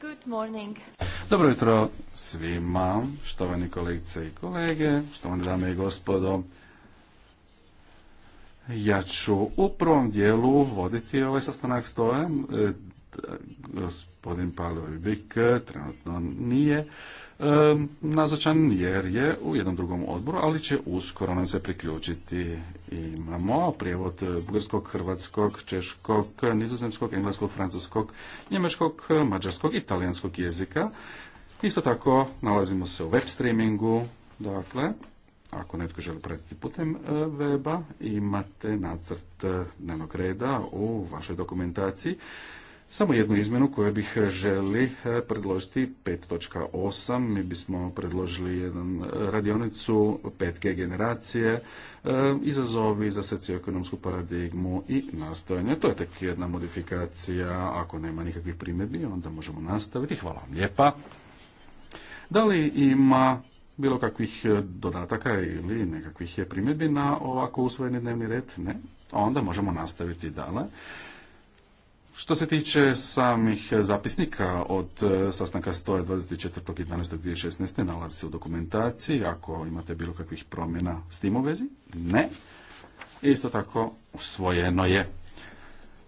Good morning. Dobro jutro svima, štovani kolegice i kolege, štovani dame i gospodo. Ja ću u prvom dijelu voditi ovaj sastanak stoje. E, gospodin Palovik trenutno nije e, nazočan jer je u jednom drugom odboru, ali će uskoro nam se priključiti. Imamo prijevod bugarskog, hrvatskog, češkog, nizozemskog, engleskog, francuskog, njemačkog, mađarskog i jezika. Isto tako nalazimo se u web streamingu, dakle, ako netko želi pratiti putem e, weba, imate nacrt dnevnog reda u vašoj dokumentaciji. Samo jednu izmenu koju bih e, želi e, predložiti, 5.8, mi bismo predložili jedan e, radionicu 5G generacije, izazovi za socioekonomsku paradigmu i nastojanje. To je tek jedna modifikacija, ako nema nikakvih primjedbi, onda možemo nastaviti. Hvala vam lijepa. Da li ima bilo kakvih dodataka ili nekakvih primjedbi na ovako usvojeni dnevni red? Ne. Onda možemo nastaviti dalje. Što se tiče samih zapisnika od e, sastanka 124. 12. 2016. nalazi se u dokumentaciji. Ako imate bilo kakvih promjena s tim u vezi? Ne. Isto tako usvojeno je.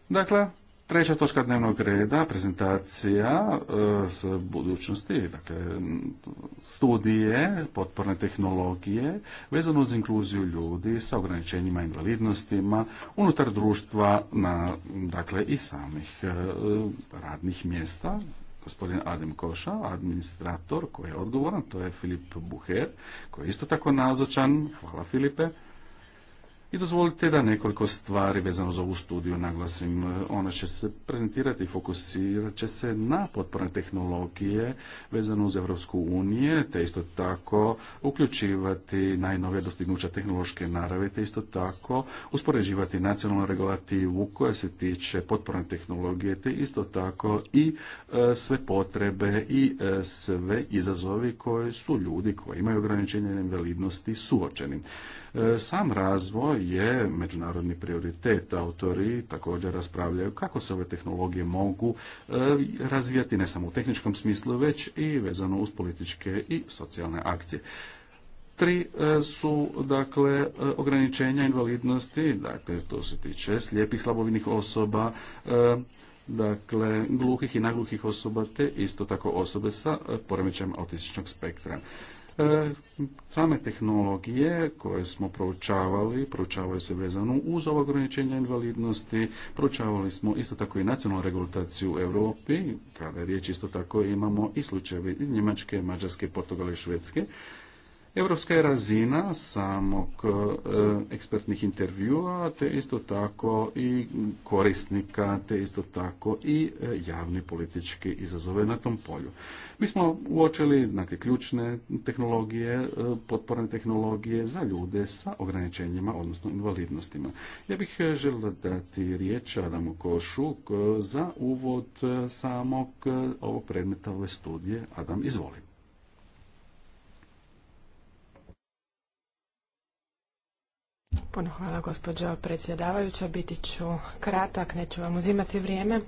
Dakle, Treća točka dnevnog reda, prezentacija e, s budućnosti, dakle studije, potporne tehnologije vezano uz inkluziju ljudi sa ograničenjima i invalidnostima unutar društva na, dakle, i samih e, radnih mjesta. Gospodin Adem Koša, administrator koji je odgovoran, to je Filip Buher, koji je isto tako nazočan. Hvala Filipe. I dozvolite da nekoliko stvari vezano za ovu studiju naglasim. Ona će se prezentirati i fokusirat će se na potporne tehnologije vezano uz Evropsku uniju, te isto tako uključivati najnovije dostignuća tehnološke narave, te isto tako uspoređivati nacionalnu regulativu koja se tiče potporne tehnologije, te isto tako i e, sve potrebe i e, sve izazovi koji su ljudi koji imaju ograničenje invalidnosti suočeni. E, sam razvoj je međunarodni prioritet. Autori također raspravljaju kako se ove tehnologije mogu e, razvijati ne samo u tehničkom smislu, već i vezano uz političke i socijalne akcije. Tri e, su, dakle, e, ograničenja invalidnosti, dakle, to se tiče slijepih, slabovinih osoba, dakle, gluhih i nagluhih osoba, te isto tako osobe sa poremećajem autističnog spektra. E, same tehnologije koje smo proučavali, proučavaju se vezano uz ovo ograničenje invalidnosti, proučavali smo isto tako i nacionalnu regulaciju u Europi, kada je riječ isto tako imamo i slučajevi iz Njemačke, Mađarske, Portugale i Švedske, Europska je razina samog e, ekspertnih intervjua, te isto tako i korisnika, te isto tako i e, javni politički izazove na tom polju. Mi smo uočili neke ključne tehnologije, e, potporne tehnologije za ljude sa ograničenjima, odnosno invalidnostima. Ja bih želio dati riječ Adamu Košu za uvod samog ovog predmeta ove studije. Adam, izvolite. Puno hvala gospođo predsjedavajuća, biti ću kratak, neću vam uzimati vrijeme.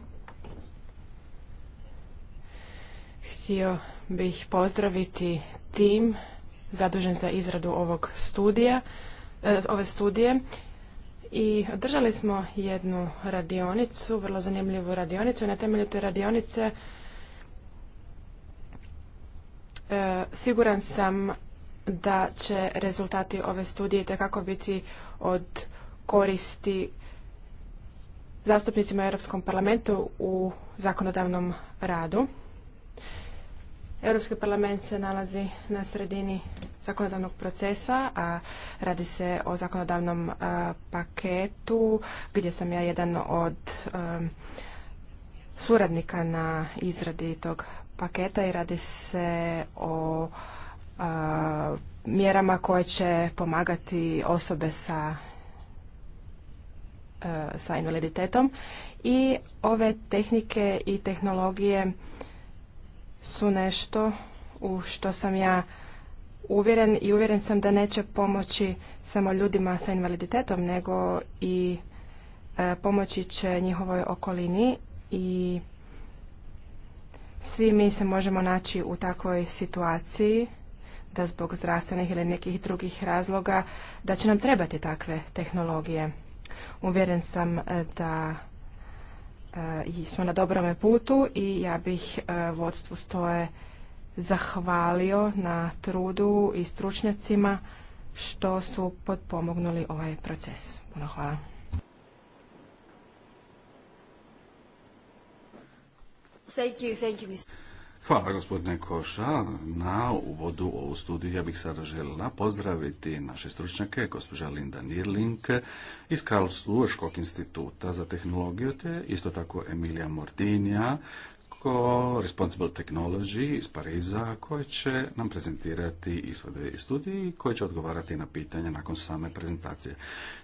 Htio bih pozdraviti tim zadužen za izradu ovog studija, e, ove studije i održali smo jednu radionicu, vrlo zanimljivu radionicu i na temelju te radionice e, siguran sam da će rezultati ove studije tekako biti od koristi zastupnicima u Europskom parlamentu u zakonodavnom radu. Europski parlament se nalazi na sredini zakonodavnog procesa, a radi se o zakonodavnom paketu gdje sam ja jedan od suradnika na izradi tog paketa i radi se o mjerama koje će pomagati osobe sa e, sa invaliditetom i ove tehnike i tehnologije su nešto u što sam ja uvjeren i uvjeren sam da neće pomoći samo ljudima sa invaliditetom nego i e, pomoći će njihovoj okolini i svi mi se možemo naći u takvoj situaciji da zbog zdravstvenih ili nekih drugih razloga da će nam trebati takve tehnologije. Uvjeren sam e, da e, smo na dobrome putu i ja bih e, vodstvu stoje zahvalio na trudu i stručnjacima što su potpomognuli ovaj proces. Puno hvala. Thank thank you. Hvala gospodine Koša na uvodu u ovu studiju. Ja bih sada željela pozdraviti naše stručnjake, gospođa Linda Nirlink iz Karlsruhe instituta za tehnologiju, te isto tako Emilija Mordinja, ko Responsible Technology iz Pariza, koji će nam prezentirati ishode i studije i koji će odgovarati na pitanje nakon same prezentacije.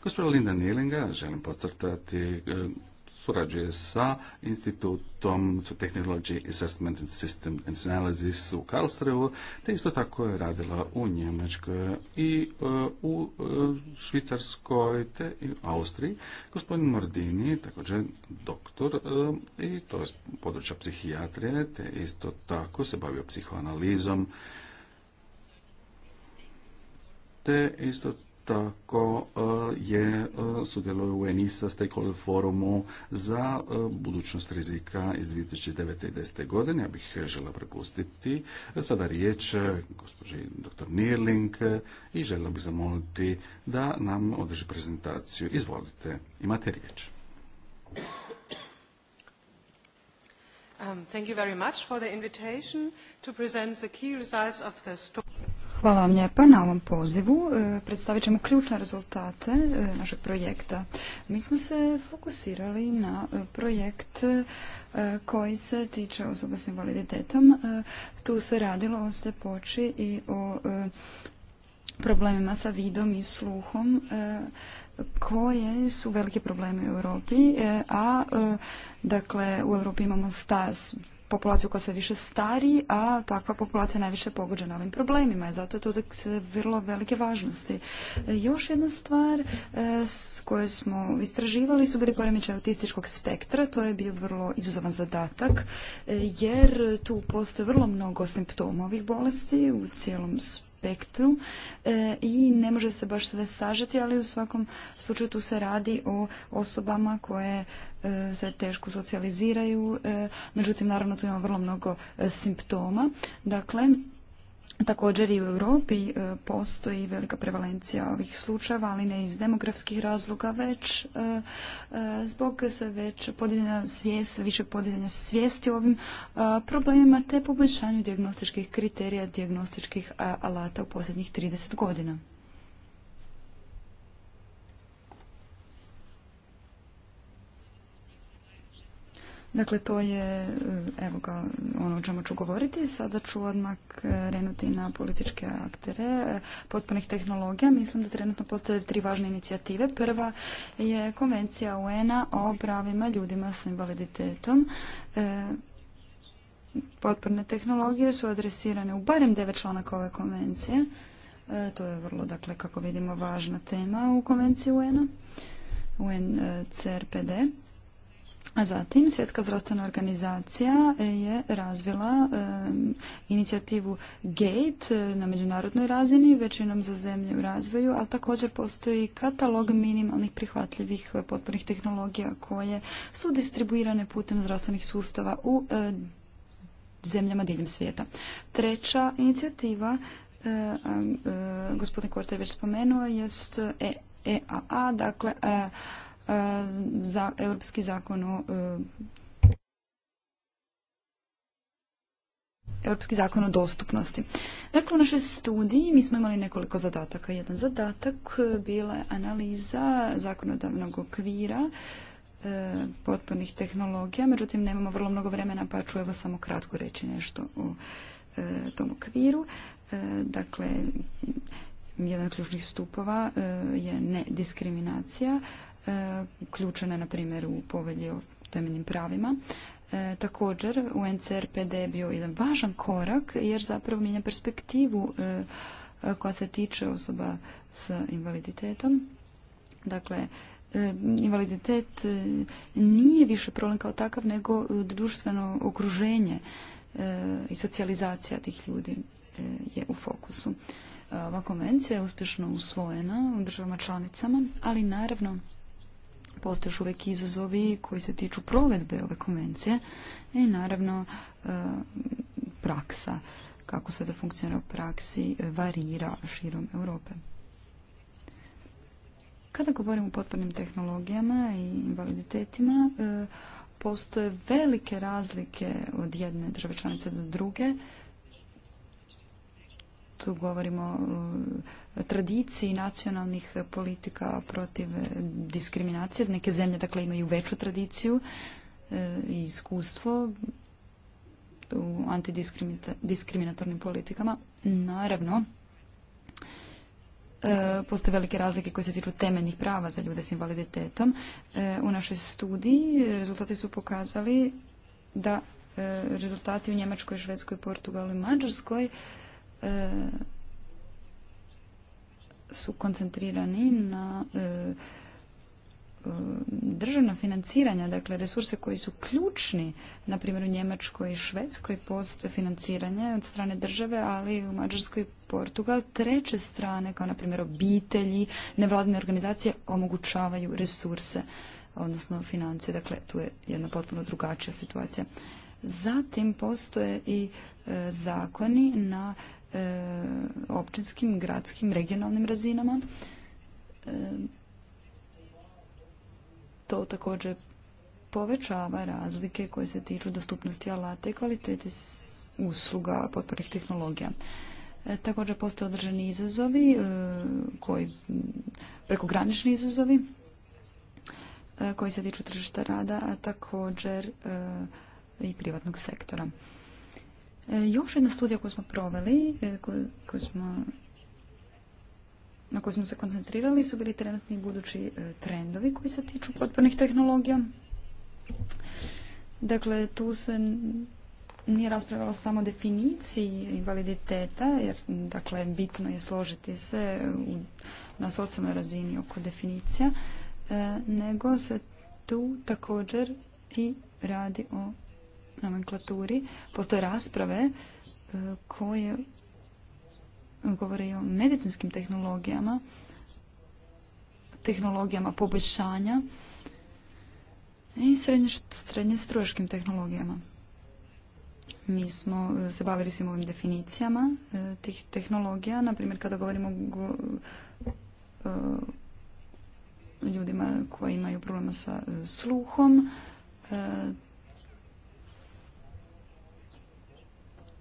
Gospodina Linda Nirlinga, želim podcrtati surađuje sa institutom Technology Assessment and System Analysis u Karlsruhu, te isto tako je radila u Njemačkoj i e, u e, Švicarskoj te i u Austriji. Gospodin Mordini, također doktor e, i to je područja psihijatrije, te isto tako se bavio psihoanalizom te isto tako e, je e, sudjelovao u ENISA stakeholder forumu za e, budućnost rizika iz 2009. i 2010. godine. Ja bih žela prepustiti sada riječ gospođi dr. Nirling i želio bih zamoliti da nam održi prezentaciju. Izvolite, imate riječ. Um, thank you very much for the invitation to present the key results of the Hvala vam lijepa na ovom pozivu. E, predstavit ćemo ključne rezultate e, našeg projekta. Mi smo se fokusirali na e, projekt koji se tiče osoba s invaliditetom. Tu se radilo o sljepoći i o problemima sa vidom i sluhom koje su veliki probleme u Europi, a dakle u Europi imamo stas populaciju koja se više stari, a takva populacija najviše pogođena ovim problemima zato je to se vrlo velike važnosti. E, još jedna stvar e, s koju smo istraživali su bili poremećaj autističkog spektra, to je bio vrlo izazovan zadatak e, jer tu postoje vrlo mnogo simptoma ovih bolesti u cijelom spektru spektru e, i ne može se baš sve sažeti, ali u svakom slučaju tu se radi o osobama koje e, se teško socijaliziraju, e, međutim naravno tu imamo vrlo mnogo simptoma. Dakle, Također i u Europi e, postoji velika prevalencija ovih slučajeva, ali ne iz demografskih razloga, već e, e, zbog sve već podizanja svijest, više podizanja svijesti o ovim problemima te poboljšanju dijagnostičkih kriterija, dijagnostičkih alata u posljednjih 30 godina. Dakle, to je e, evo ga, ono o čemu ću govoriti. Sada ću odmah krenuti e, na političke aktere e, potpunih tehnologija. Mislim da trenutno postoje tri važne inicijative. Prva je konvencija UN-a o pravima ljudima sa invaliditetom. Potporne tehnologije su adresirane u barem devet članaka ove konvencije. To je vrlo, dakle, kako vidimo, važna tema u konvenciji UN-a, UNCRPD. A zatim Svjetska zdravstvena organizacija je razvila inicijativu GATE e, na međunarodnoj razini, većinom za zemlje u razvoju, ali također postoji katalog minimalnih prihvatljivih e, potpornih tehnologija koje su distribuirane putem zdravstvenih sustava u e, zemljama diljem svijeta. Treća inicijativa, gospodin Korte je već spomenuo, jest EAA, dakle E, za Europski zakon o e, Europski zakon o dostupnosti. Dakle, u našoj studiji mi smo imali nekoliko zadataka. Jedan zadatak bila je analiza zakonodavnog okvira e, potpornih tehnologija, međutim nemamo vrlo mnogo vremena pa ću evo samo kratko reći nešto o e, tom okviru. dakle, jedan od ključnih stupova e, je nediskriminacija, e, ključena na primjer u povelji o temeljnim pravima. E, također, UNCRPD je bio jedan važan korak jer zapravo mijenja perspektivu e, koja se tiče osoba s invaliditetom. Dakle, invaliditet nije više problem kao takav nego društveno okruženje i socijalizacija tih ljudi je u fokusu. Ova konvencija je uspješno usvojena u državama članicama, ali naravno postoje još uvijek izazovi koji se tiču provedbe ove konvencije i naravno e, praksa, kako se to funkcionira u praksi, varira širom Europe. Kada govorimo o potpornim tehnologijama i invaliditetima, e, postoje velike razlike od jedne države članice do druge tu govorimo o tradiciji nacionalnih politika protiv diskriminacije. Neke zemlje dakle imaju veću tradiciju e, i iskustvo u antidiskriminatornim politikama. Naravno, e, postoje velike razlike koje se tiču temeljnih prava za ljude s invaliditetom. E, u našoj studiji rezultati su pokazali da rezultati u Njemačkoj, Švedskoj, Portugalu i Mađarskoj E, su koncentrirani na e, e, državna financiranja, dakle resurse koji su ključni, na primjer u Njemačkoj i Švedskoj postoje financiranje od strane države, ali u Mađarskoj i Portugal treće strane, kao na primjer obitelji, nevladine organizacije omogućavaju resurse, odnosno financije, dakle tu je jedna potpuno drugačija situacija. Zatim postoje i e, zakoni na E, općinskim, gradskim, regionalnim razinama. E, to također povećava razlike koje se tiču dostupnosti alata i kvalitete usluga potpornih tehnologija. E, također postoje određeni izazovi, koji, prekogranični izazovi koji se tiču tržišta rada, a također i privatnog sektora. E, još jedna studija koju smo proveli, e, koju smo na koju smo se koncentrirali su bili trenutni budući e, trendovi koji se tiču potpornih tehnologija. Dakle, tu se nije raspravljalo samo definiciji invaliditeta, jer dakle, bitno je složiti se na socijalnoj razini oko definicija, nego se tu također i radi o nomenklaturi postoje rasprave e, koje govore o medicinskim tehnologijama, tehnologijama poboljšanja i srednje stroškim tehnologijama. Mi smo e, se bavili svim ovim definicijama e, tih tehnologija, Naprimjer, kada govorimo o ljudima koji imaju problema sa sluhom,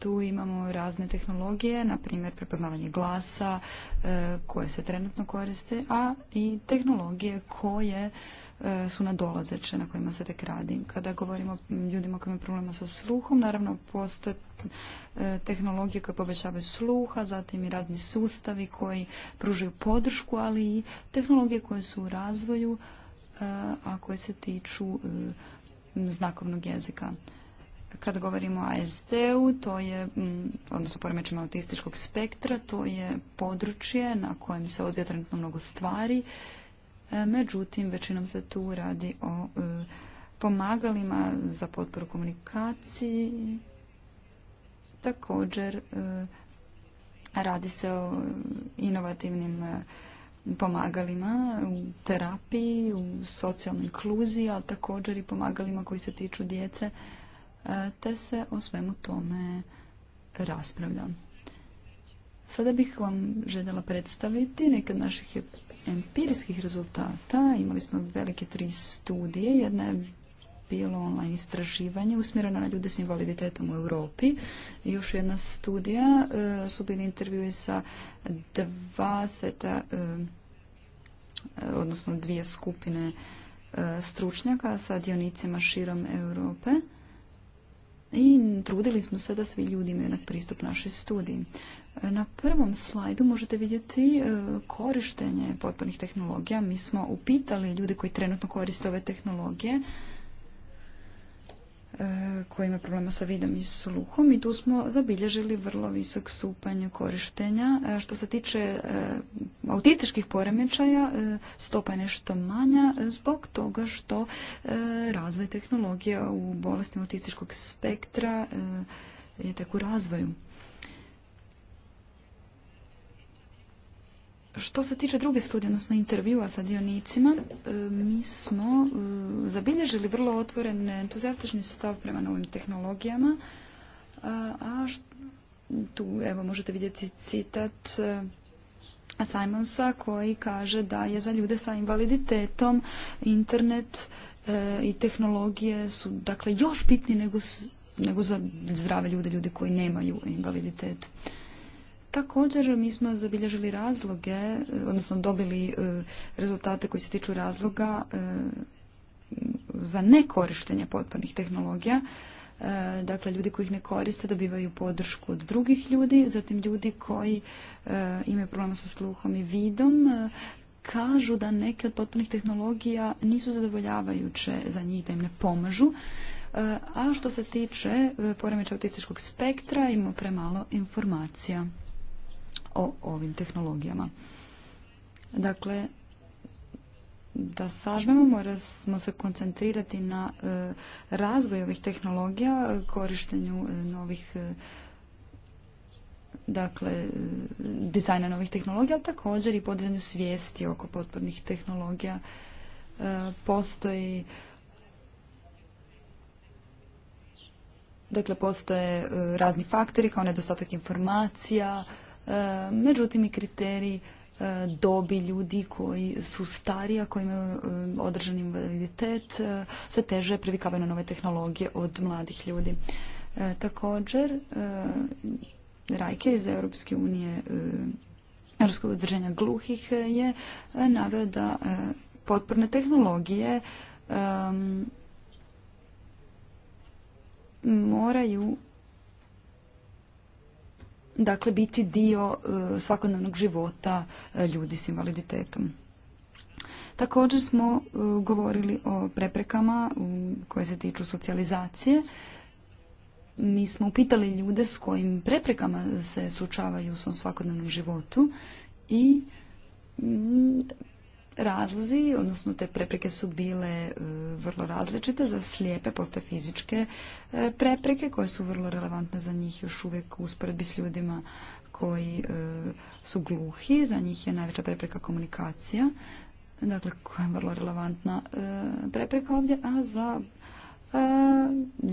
tu imamo razne tehnologije, na primjer prepoznavanje glasa e, koje se trenutno koriste, a i tehnologije koje e, su nadolazeće na kojima se tek radi. Kada govorimo o ljudima koji imaju problema sa sluhom, naravno postoje e, tehnologije koje povećavaju sluha, zatim i razni sustavi koji pružaju podršku, ali i tehnologije koje su u razvoju, a koje se tiču znakovnog jezika. Kad govorimo o ASD-u, to je, mm, odnosno poremećama autističkog spektra, to je područje na kojem se odvija trenutno mnogo stvari. E, međutim, većinom se tu radi o e, pomagalima za potporu komunikaciji. Također, e, radi se o inovativnim pomagalima u terapiji, u socijalnoj inkluziji, ali također i pomagalima koji se tiču djece E, te se o svemu tome raspravlja. Sada bih vam željela predstaviti neke od naših empirijskih rezultata. Imali smo velike tri studije. Jedna je bilo online istraživanje usmjereno na ljude s invaliditetom u Europi. još jedna studija e, su bili intervjui sa dva seta, e, odnosno dvije skupine stručnjaka sa dionicima širom Europe i trudili smo se da svi ljudi imaju jednak pristup našoj studiji. Na prvom slajdu možete vidjeti e, korištenje potpornih tehnologija. Mi smo upitali ljude koji trenutno koriste ove tehnologije E, koji ima problema sa vidom i sluhom i tu smo zabilježili vrlo visok stupanj korištenja. E, što se tiče e, autističkih poremećaja, stopa je nešto manja zbog toga što razvoj tehnologije u bolestima autističkog spektra je tek u razvoju. Što se tiče druge studije, odnosno intervjua sa dionicima, e, mi smo e, zabilježili vrlo otvoren entuzijastični stav prema novim tehnologijama, a tu evo možete vidjeti citat e, Simonsa koji kaže da je za ljude sa invaliditetom internet i tehnologije su dakle još bitni nego, nego za zdrave ljude, ljude koji nemaju invaliditet. Također mi smo zabilježili razloge, e, odnosno dobili e, rezultate koji se tiču razloga e, za nekorištenje potpornih tehnologija. Dakle, ljudi koji ih ne koriste dobivaju podršku od drugih ljudi, zatim ljudi koji imaju problema sa sluhom i vidom, kažu da neke od potpornih tehnologija nisu zadovoljavajuće za njih, da im ne pomažu. A što se tiče poremeća autističkog spektra, imamo premalo informacija o ovim tehnologijama. Dakle, da sažmemo, moramo se koncentrirati na e, razvoj ovih tehnologija, korištenju e, novih e, dakle, dizajna novih tehnologija, ali također i podizanju svijesti oko potpornih tehnologija. Postoji Dakle, postoje razni faktori kao nedostatak informacija, međutim i kriterij e, dobi ljudi koji su starija, koji imaju e, održan invaliditet, e, se teže privikavaju na nove tehnologije od mladih ljudi. Također, Rajke iz Europske unije Europskog održanja gluhih je naveo da potporne tehnologije moraju dakle biti dio e, svakodnevnog života e, ljudi s invaliditetom. Također smo e, govorili o preprekama koje se tiču socijalizacije. Mi smo upitali ljude s kojim preprekama se suočavaju u svom svakodnevnom životu i razlozi, odnosno te prepreke su bile e, vrlo različite. Za slijepe postoje fizičke e, prepreke koje su vrlo relevantne za njih još uvijek u usporedbi s ljudima koji e, su gluhi. Za njih je najveća prepreka komunikacija, dakle koja je vrlo relevantna prepreka ovdje, a za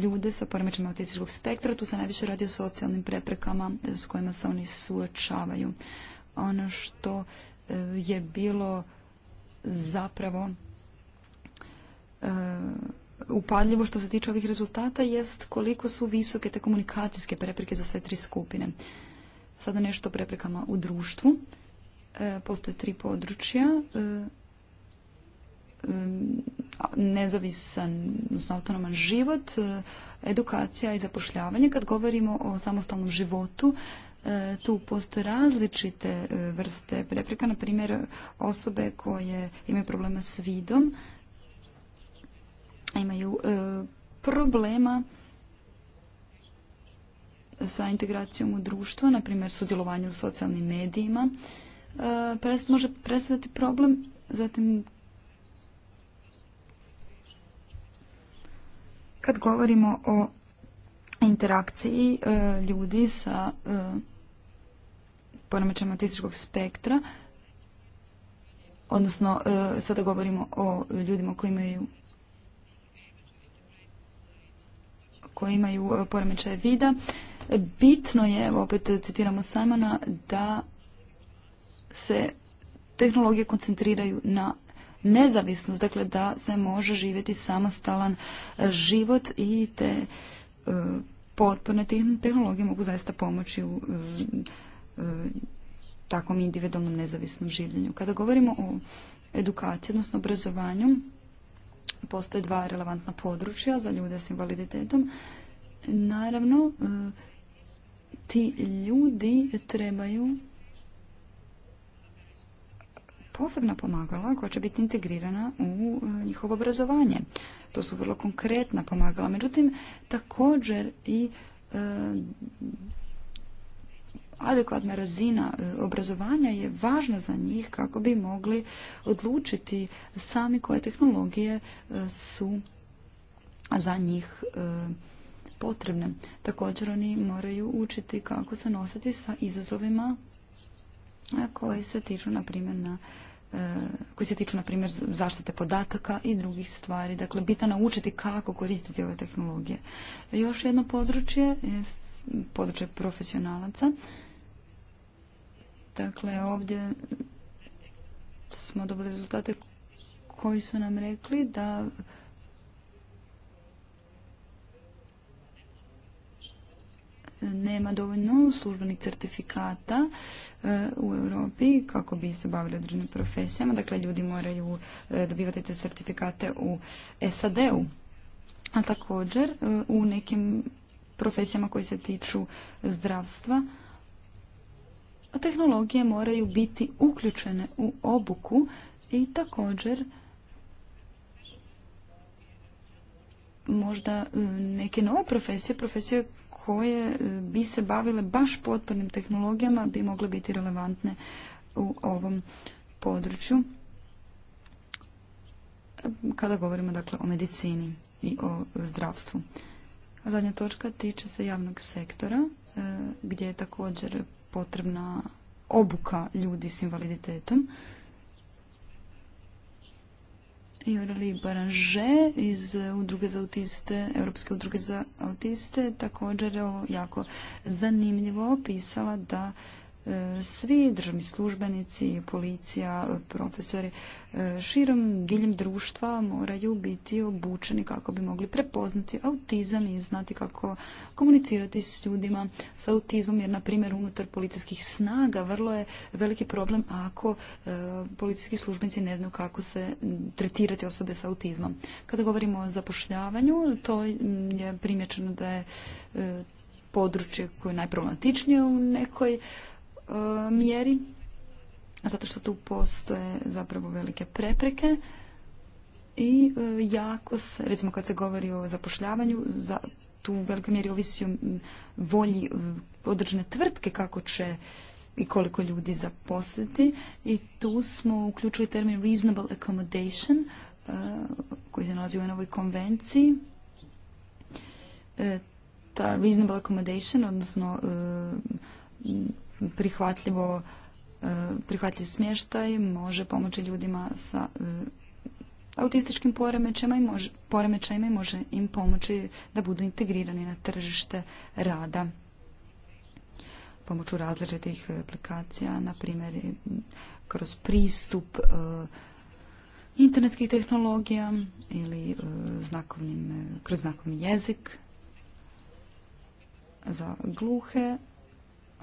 ljude sa poremećima autističkog spektra. Tu se najviše radi o socijalnim preprekama s kojima se oni suočavaju. Ono što je bilo zapravo e, upadljivo što se tiče ovih rezultata jest koliko su visoke te komunikacijske prepreke za sve tri skupine. Sada nešto o preprekama u društvu. E, postoje tri područja. E, nezavisan, odnosno autonoman život, edukacija i zapošljavanje. Kad govorimo o samostalnom životu, E, tu postoje različite e, vrste prepreka, na primjer osobe koje imaju problema s vidom, imaju e, problema sa integracijom u društvo, na primjer sudjelovanje u socijalnim medijima, može predstaviti problem, zatim kad govorimo o interakciji ljudi sa poremećama autističkog spektra, odnosno e, sada govorimo o ljudima koji imaju koji imaju e, poremećaje vida. Bitno je, opet citiramo Samana da se tehnologije koncentriraju na nezavisnost, dakle da se može živjeti samostalan život i te e, potporne tehnologije mogu zaista pomoći u E, takvom individualnom nezavisnom življenju. Kada govorimo o edukaciji, odnosno obrazovanju, postoje dva relevantna područja za ljude s invaliditetom. Naravno, e, ti ljudi trebaju posebna pomagala koja će biti integrirana u e, njihovo obrazovanje. To su vrlo konkretna pomagala. Međutim, također i adekvatna razina e, obrazovanja je važna za njih kako bi mogli odlučiti sami koje tehnologije e, su za njih e, potrebne. Također oni moraju učiti kako se nositi sa izazovima koji se tiču na primjer na koji se tiču, na primjer, zaštite podataka i drugih stvari. Dakle, bitno naučiti kako koristiti ove tehnologije. Još jedno područje, područje profesionalaca, Dakle, ovdje smo dobili rezultate koji su nam rekli da nema dovoljno službenih certifikata e, u Europi kako bi se bavili određenim profesijama. Dakle, ljudi moraju e, dobivati te certifikate u SAD-u. A također e, u nekim profesijama koji se tiču zdravstva tehnologije moraju biti uključene u obuku i također možda e, neke nove profesije, profesije koje e, bi se bavile baš potpornim tehnologijama bi mogle biti relevantne u ovom području kada govorimo dakle o medicini i o zdravstvu. Zadnja točka tiče se javnog sektora e, gdje je također potrebna obuka ljudi s invaliditetom. Jorali Baranže iz udruge za autiste, Europske udruge za autiste, također je ovo jako zanimljivo pisala da svi državni službenici, policija, profesori e, širom diljem društva moraju biti obučeni kako bi mogli prepoznati autizam i znati kako komunicirati s ljudima s autizmom jer na primjer unutar policijskih snaga vrlo je veliki problem ako e, policijski službenici ne znaju kako se tretirati osobe s autizmom. Kada govorimo o zapošljavanju, to je primječeno da je e, područje koje je najproblematičnije u nekoj E, mjeri, zato što tu postoje zapravo velike prepreke i e, jako se, recimo kad se govori o zapošljavanju, za, tu u velikoj mjeri ovisi o volji e, određene tvrtke kako će i koliko ljudi zaposliti i tu smo uključili termin reasonable accommodation koji se nalazi u novoj konvenciji. Ta reasonable accommodation, odnosno prihvatljivo e, prihvatljiv smještaj može pomoći ljudima sa e, autističkim poremećajima i može, poremećajima i može im pomoći da budu integrirani na tržište rada pomoću različitih e, aplikacija, na primjer kroz pristup internetskih tehnologija ili znakovnim, kroz znakovni jezik za gluhe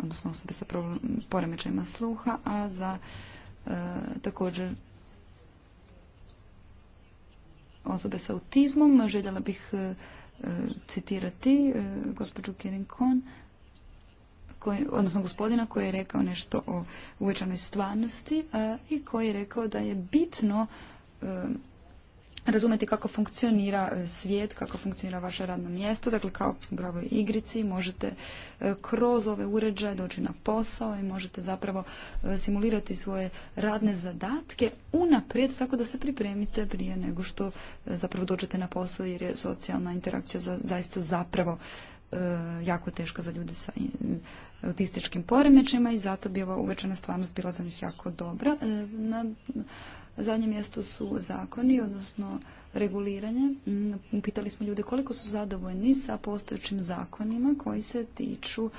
odnosno osobe sa poremećajima sluha, a za e, također osobe sa autizmom. Željela bih e, citirati e, gospođu Kirinkon, koji, odnosno gospodina koji je rekao nešto o uvećanoj stvarnosti i koji je rekao da je bitno razumjeti kako funkcionira e, svijet, kako funkcionira vaše radno mjesto. Dakle, kao u igrici možete e, kroz ove uređaje doći na posao i možete zapravo e, simulirati svoje radne zadatke unaprijed tako da se pripremite prije nego što zapravo dođete na posao jer je socijalna interakcija zaista zapravo jako teška za ljude sa autističkim poremećima i zato bi ova uvećana stvarnost bila za njih jako dobra. E, na zadnjem mjestu su zakoni, odnosno reguliranje. Mm, upitali smo ljude koliko su zadovoljni sa postojećim zakonima koji se tiču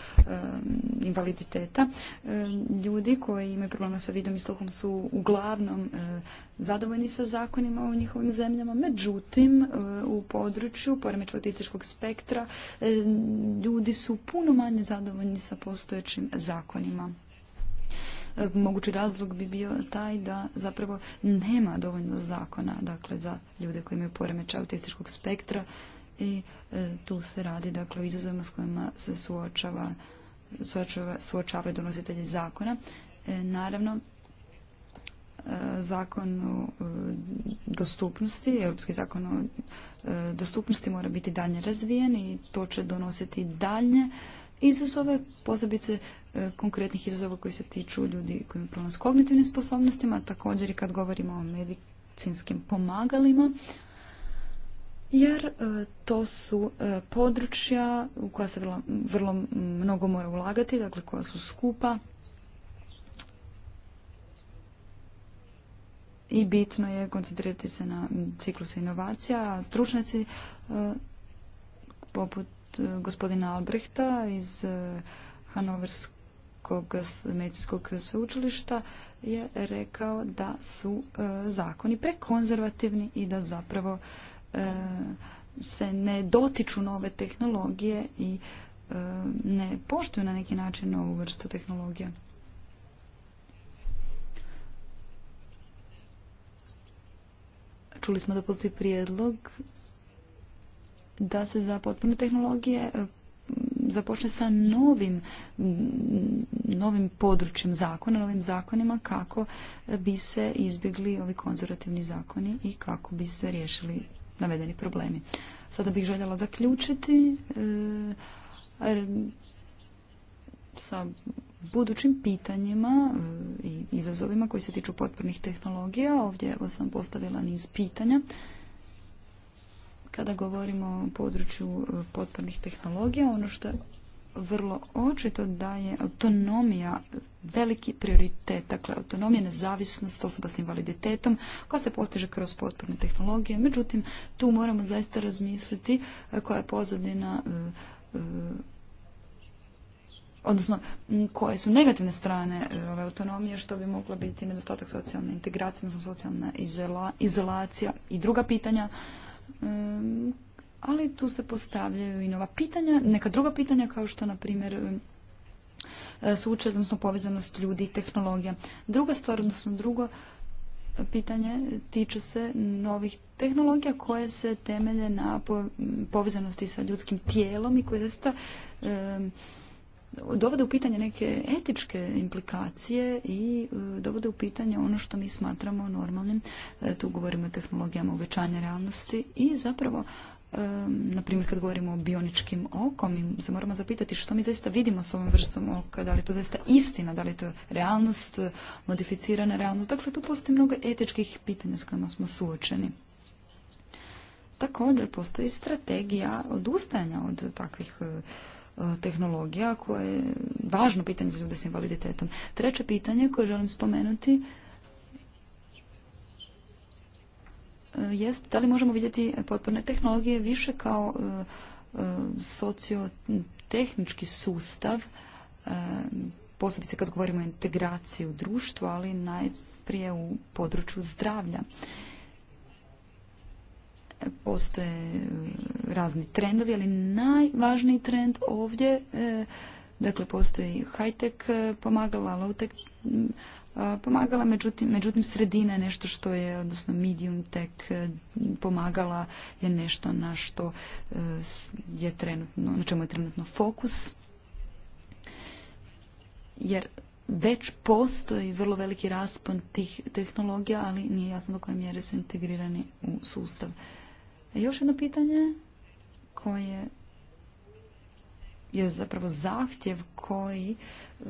invaliditeta. ljudi koji imaju problema sa vidom i sluhom su uglavnom e, zadovoljni sa zakonima u njihovim zemljama. Međutim, e, u području poremeću autističkog spektra e, ljudi su puno manje zadovoljni sa postojećim zakonima mogući razlog bi bio taj da zapravo nema dovoljno zakona dakle za ljude koji imaju poremećaj autističkog spektra i e, tu se radi dakle o izazovima s kojima se suočava, suočava, suočavaju donositelji zakona. E, naravno, e, zakon o dostupnosti, Europski zakon o dostupnosti mora biti dalje razvijen i to će donositi dalje izazove, posebice konkretnih izazova koji se tiču ljudi koji imaju problem s kognitivnim sposobnostima, također i kad govorimo o medicinskim pomagalima, jer e, to su e, područja u koja se vrlo, mnogo mora ulagati, dakle koja su skupa i bitno je koncentrirati se na ciklus inovacija, a stručnjaci e, poput gospodina Albrehta iz Hanoverske kog medicinskog sveučilišta je rekao da su e, zakoni prekonzervativni i da zapravo e, se ne dotiču nove tehnologije i e, ne poštuju na neki način novu vrstu tehnologije. Čuli smo da postoji prijedlog da se za potpune tehnologije započne sa novim, novim područjem zakona, novim zakonima kako bi se izbjegli ovi konzervativni zakoni i kako bi se riješili navedeni problemi. Sada bih željela zaključiti e, sa budućim pitanjima e, i izazovima koji se tiču potpornih tehnologija. Ovdje evo sam postavila niz pitanja. Kada govorimo o području e, potpornih tehnologija, ono što je vrlo očito da je autonomija veliki prioritet, dakle autonomija, nezavisnost osoba s invaliditetom koja se postiže kroz potporne tehnologije. Međutim, tu moramo zaista razmisliti e, koja je pozadina e, odnosno koje su negativne strane ove autonomije što bi mogla biti nedostatak socijalne integracije, odnosno socijalna izolacija i druga pitanja ali tu se postavljaju i nova pitanja, neka druga pitanja kao što na primjer e, suče, odnosno povezanost ljudi i tehnologija. Druga stvar, odnosno drugo pitanje tiče se novih tehnologija koje se temelje na povezanosti sa ljudskim tijelom i koje zaista dovode u pitanje neke etičke implikacije i e, dovode u pitanje ono što mi smatramo normalnim. E, tu govorimo o tehnologijama uvećanja realnosti i zapravo e, na primjer kad govorimo o bioničkim okom i se moramo zapitati što mi zaista vidimo s ovom vrstom oka, da li je to zaista istina, da li je to realnost, modificirana realnost. Dakle, tu postoji mnogo etičkih pitanja s kojima smo suočeni. Također postoji strategija odustajanja od takvih E, tehnologija koje je važno pitanje za ljude s invaliditetom. Treće pitanje koje želim spomenuti e, jest da li možemo vidjeti potporne tehnologije više kao e, sociotehnički sustav posebice kad govorimo o integraciji u društvu, ali najprije u području zdravlja. Postoje e, razni trendovi, ali najvažniji trend ovdje, e, dakle postoji high-tech e, pomagala, low-tech pomagala, međutim, međutim sredina je nešto što je, odnosno medium tech pomagala je nešto na što je trenutno, na čemu je trenutno fokus. Jer već postoji vrlo veliki raspon tih tehnologija, ali nije jasno do koje mjere su integrirani u sustav. Još jedno pitanje koje je zapravo zahtjev koji e,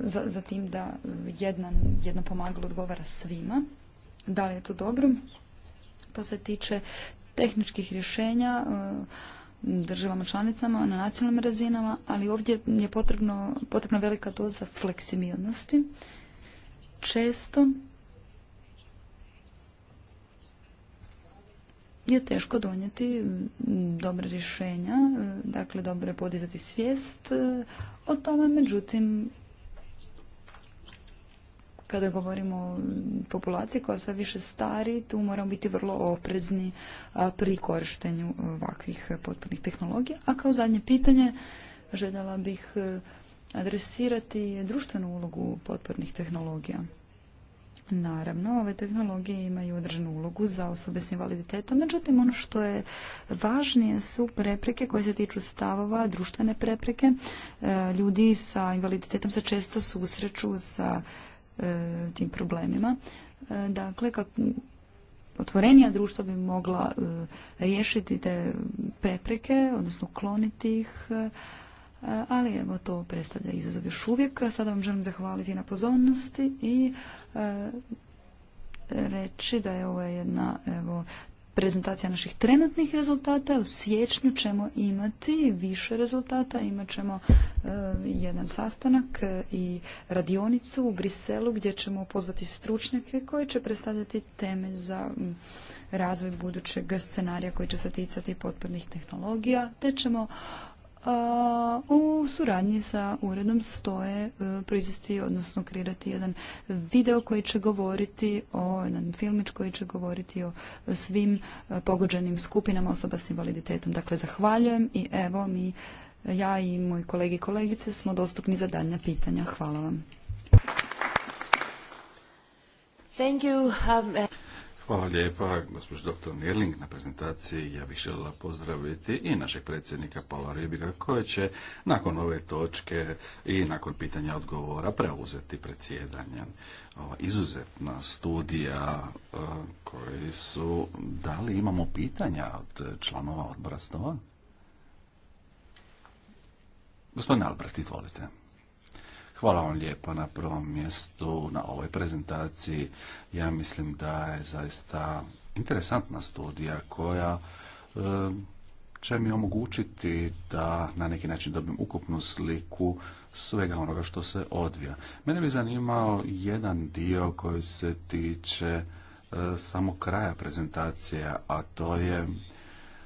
za, za tim da jedna, jedno pomagalo odgovara svima. Da li je to dobro? To se tiče tehničkih rješenja e, državama članicama na nacionalnim razinama, ali ovdje je potrebno, potrebna velika doza fleksibilnosti. Često je teško donijeti mm, dobre rješenja, e, dakle dobro je podizati svijest e, o tome, međutim kada govorimo o populaciji koja sve više stari, tu moramo biti vrlo oprezni e, pri korištenju ovakvih potpornih tehnologija. A kao zadnje pitanje željela bih adresirati društvenu ulogu potpornih tehnologija. Naravno, ove tehnologije imaju određenu ulogu za osobe s invaliditetom, međutim ono što je važnije su prepreke koje se tiču stavova, društvene prepreke. E, ljudi sa invaliditetom se često susreću sa e, tim problemima. E, dakle, kako otvorenija društva bi mogla riješiti te prepreke, odnosno ukloniti ih, E, ali evo to predstavlja izazov još uvijek. Sada vam želim zahvaliti na pozornosti i e, reći da je ovo jedna evo, prezentacija naših trenutnih rezultata. U siječnju ćemo imati više rezultata, imat ćemo e, jedan sastanak i radionicu u Briselu gdje ćemo pozvati stručnjake koji će predstavljati teme za razvoj budućeg scenarija koji će se ticati potpornih tehnologija, te ćemo u suradnji sa uredom stoje e, proizvesti, odnosno kreirati jedan video koji će govoriti o, jedan filmić koji će govoriti o svim e, pogođenim skupinama osoba s invaliditetom. Dakle, zahvaljujem i evo mi, ja i moji kolegi i kolegice smo dostupni za daljnja pitanja. Hvala vam. Um, Hvala lijepa, gospođo doktor Nirling, na prezentaciji. Ja bih željela pozdraviti i našeg predsjednika Paula Ribiga, koji će nakon ove točke i nakon pitanja odgovora preuzeti predsjedanje. Ova izuzetna studija e, koji su... Da li imamo pitanja od članova odbora stova? Gospodin Albrecht, izvolite. Hvala vam lijepo na prvom mjestu na ovoj prezentaciji. Ja mislim da je zaista interesantna studija koja eh, će mi omogućiti da na neki način dobijem ukupnu sliku svega onoga što se odvija. Mene bi zanimao jedan dio koji se tiče eh, samo kraja prezentacije, a to je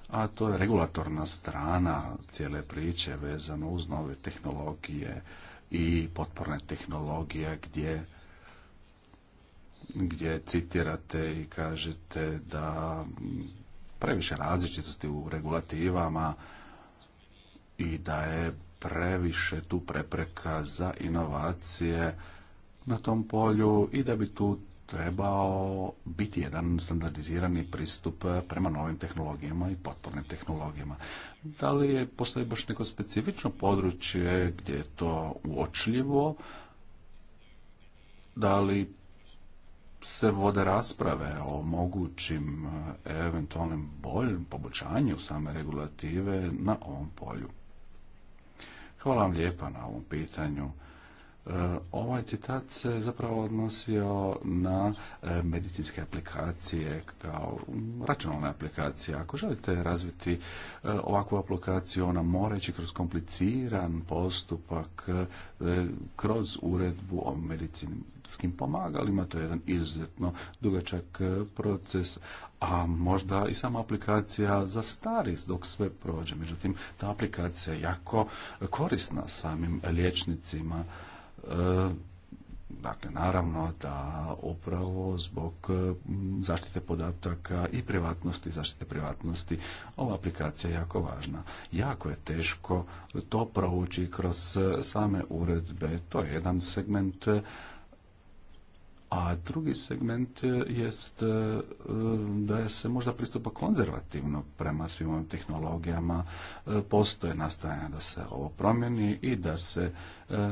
a to je regulatorna strana cijele priče vezano uz nove tehnologije, i potporne tehnologije gdje gdje citirate i kažete da previše različitosti u regulativama i da je previše tu prepreka za inovacije na tom polju i da bi tu trebao biti jedan standardizirani pristup prema novim tehnologijama i potpornim tehnologijama. Da li je postoji baš neko specifično područje gdje je to uočljivo? Da li se vode rasprave o mogućim e, eventualnim boljim poboljšanju same regulative na ovom polju? Hvala vam lijepa na ovom pitanju. E, ovaj citat se zapravo odnosio na e, medicinske aplikacije kao računalne aplikacije. Ako želite razviti e, ovakvu aplikaciju, ona mora ići kroz kompliciran postupak, kroz uredbu o medicinskim pomagalima. To je jedan izuzetno dugačak proces, a možda i sama aplikacija za staris dok sve prođe. Međutim, ta aplikacija je jako korisna samim liječnicima, E, dakle, naravno da upravo zbog e, zaštite podataka i privatnosti, zaštite privatnosti, ova aplikacija je jako važna. Jako je teško to provući kroz same uredbe. To je jedan segment a drugi segment e, jest e, da se možda pristupa konzervativno prema svim ovim tehnologijama. E, postoje nastojanja da se ovo promijeni i da se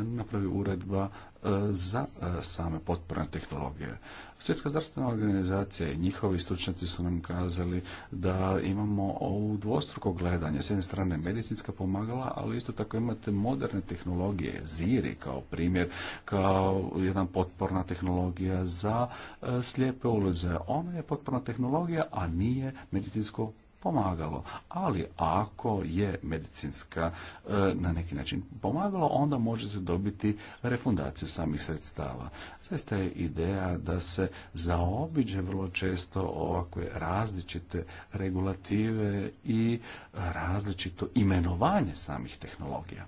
napravi uredba E, za e, same potporne tehnologije. Svjetska zdravstvena organizacija i njihovi stručnjaci su nam kazali da imamo ovu dvostruko gledanje. S jedne strane medicinska pomagala, ali isto tako imate moderne tehnologije, ziri kao primjer, kao jedan potporna tehnologija za e, slijepe uloze. Ona je potporna tehnologija, a nije medicinsko pomagalo. Ali ako je medicinska e, na neki način pomagalo, onda možete dobiti refundaciju samih sredstava. Zaista je ideja da se zaobiđe vrlo često ovakve različite regulative i različito imenovanje samih tehnologija.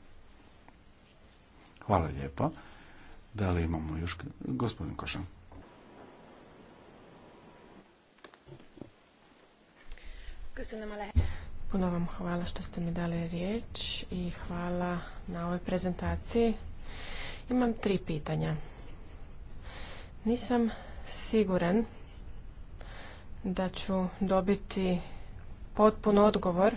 Hvala lijepo. Da li imamo još gospodin Košan? Puno vam hvala što ste mi dali riječ i hvala na ovoj prezentaciji. Imam tri pitanja. Nisam siguran da ću dobiti potpun odgovor,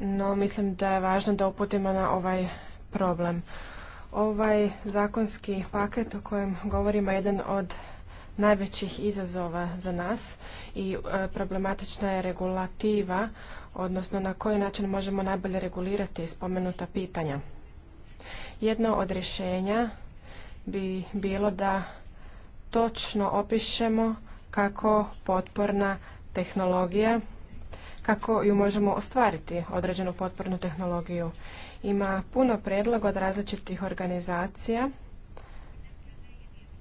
no mislim da je važno da uputimo na ovaj problem. Ovaj zakonski paket o kojem govorimo je jedan od najvećih izazova za nas i e, problematična je regulativa, odnosno na koji način možemo najbolje regulirati spomenuta pitanja. Jedno od rješenja bi bilo da točno opišemo kako potporna tehnologija, kako ju možemo ostvariti, određenu potpornu tehnologiju. Ima puno predloga od različitih organizacija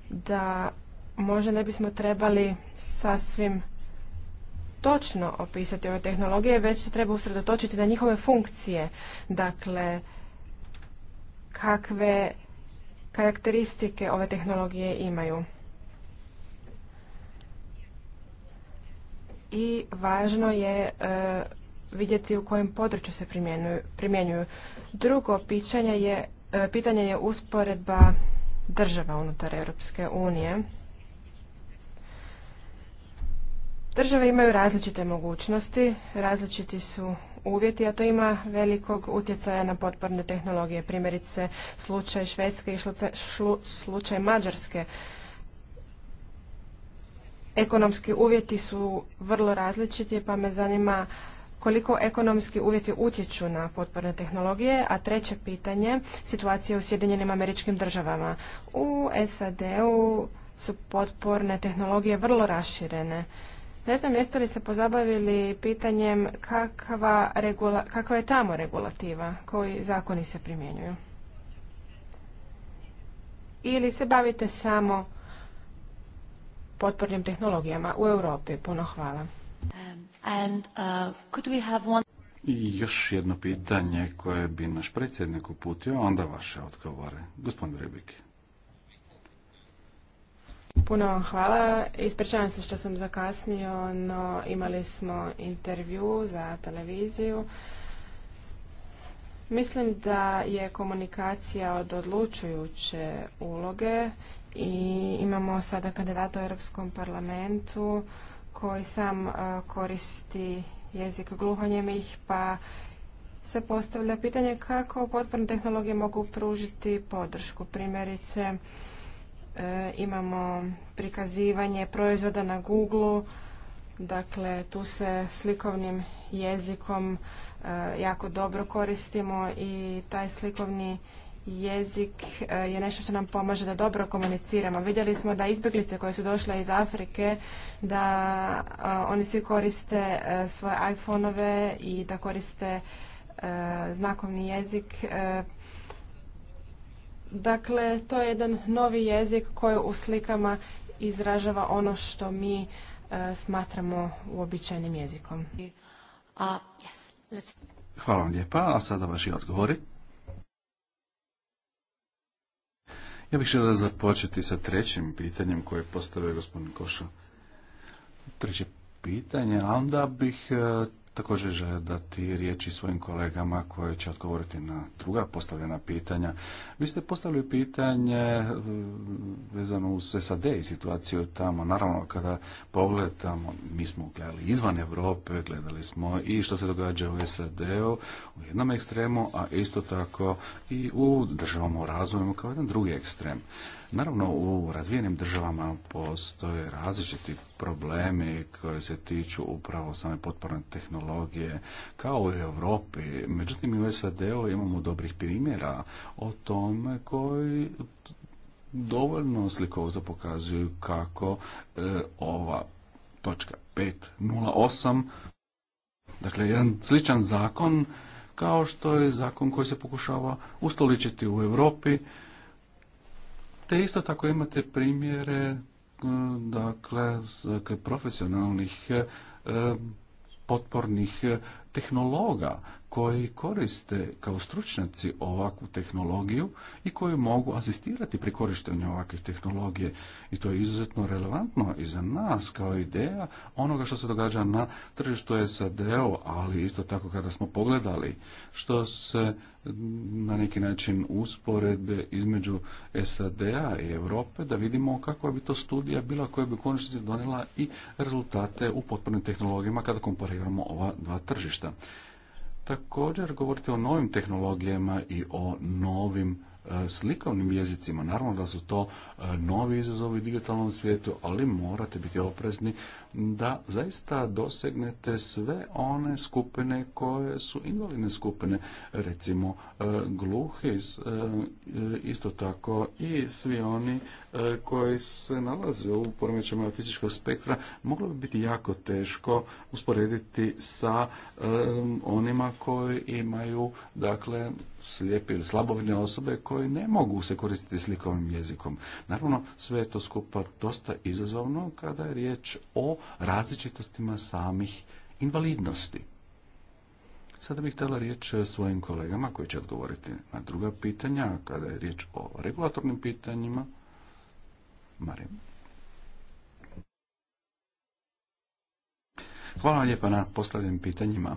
da možda ne bismo trebali sasvim točno opisati ove tehnologije, već se treba usredotočiti na njihove funkcije. Dakle, kakve karakteristike ove tehnologije imaju. I važno je e, vidjeti u kojem području se primjenjuju. Drugo pitanje je, e, pitanje je usporedba država unutar Europske unije. Države imaju različite mogućnosti, različiti su uvjeti, a to ima velikog utjecaja na potporne tehnologije. Primjerice, slučaj Švedske i slučaj Mađarske. Ekonomski uvjeti su vrlo različiti, pa me zanima koliko ekonomski uvjeti utječu na potporne tehnologije, a treće pitanje, situacija u Sjedinjenim američkim državama. U SAD-u su potporne tehnologije vrlo raširene. Ne znam jeste li se pozabavili pitanjem kakva, regula, kakva je tamo regulativa, koji zakoni se primjenjuju. Ili se bavite samo potpornim tehnologijama u Europi. Puno hvala. Um, and, uh, one... I još jedno pitanje koje bi naš predsjednik uputio, onda vaše odgovore. Gospodin Ribik. Puno vam hvala. Ispričavam se što sam zakasnio, no imali smo intervju za televiziju. Mislim da je komunikacija od odlučujuće uloge i imamo sada kandidata u Europskom parlamentu koji sam e, koristi jezik ih, pa se postavlja pitanje kako potporne tehnologije mogu pružiti podršku. Primjerice, E, imamo prikazivanje proizvoda na Google, dakle tu se slikovnim jezikom e, jako dobro koristimo i taj slikovni jezik e, je nešto što nam pomaže da dobro komuniciramo. Vidjeli smo da izbjeglice koje su došle iz Afrike, da oni svi koriste svoje iPhone-ove i da koriste znakovni jezik Dakle, to je jedan novi jezik koji u slikama izražava ono što mi e, smatramo uobičajenim jezikom. Hvala vam lijepa, a sada vaši odgovori. Ja bih želio započeti sa trećim pitanjem koje je postavio gospodin Koša. Treće pitanje, a onda bih e, Također žele dati riječi svojim kolegama koji će odgovoriti na druga postavljena pitanja. Vi ste postavili pitanje mm, vezano uz SAD i situaciju tamo. Naravno, kada pogledamo, mi smo gledali izvan Europe, gledali smo i što se događa u SAD-u, u jednom ekstremu, a isto tako i u državama u razvoju kao jedan drugi ekstrem. Naravno, u razvijenim državama postoje različiti problemi koji se tiču upravo same potporne tehnologije, kao i u Europi. Međutim, i u SAD-u imamo dobrih primjera o tome koji dovoljno slikovito pokazuju kako e, ova točka 508, dakle jedan sličan zakon kao što je zakon koji se pokušava ustoličiti u Europi, te isto tako imate primjere e, dakle, profesionalnih e, e, potpornih tehnologa koji koriste kao stručnjaci ovakvu tehnologiju i koji mogu asistirati pri korištenju ovakvih tehnologije. I to je izuzetno relevantno i za nas kao ideja onoga što se događa na tržištu SAD-u, ali isto tako kada smo pogledali što se na neki način usporedbe između SAD-a i Europe da vidimo kakva bi to studija bila koja bi u konačnici donijela i rezultate u potpornim tehnologijama kada kompariramo ova dva tržišta. Također govorite o novim tehnologijama i o novim e, slikovnim jezicima. Naravno da su to e, novi izazovi u digitalnom svijetu, ali morate biti oprezni da zaista dosegnete sve one skupine koje su invalidne skupine, recimo e, gluhi, e, isto tako i svi oni e, koji se nalaze u poremećajima fizičkog spektra, moglo bi biti jako teško usporediti sa onima koji imaju dakle slijepi ili slabovine osobe koje ne mogu se koristiti slikovim jezikom. Naravno, sve je to skupa dosta izazovno kada je riječ o različitostima samih invalidnosti. Sada bih htjela riječ eh, svojim kolegama koji će odgovoriti na druga pitanja, kada je riječ o regulatornim pitanjima. Hvala vam lijepa na postavljenim pitanjima.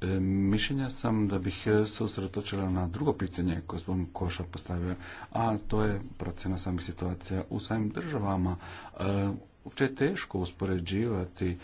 Eh, mišljenja sam da bih eh, se usredotočila na drugo pitanje koje gospodin Koša postavio, a to je procena samih situacija u samim državama. E, uopće je teško uspoređivati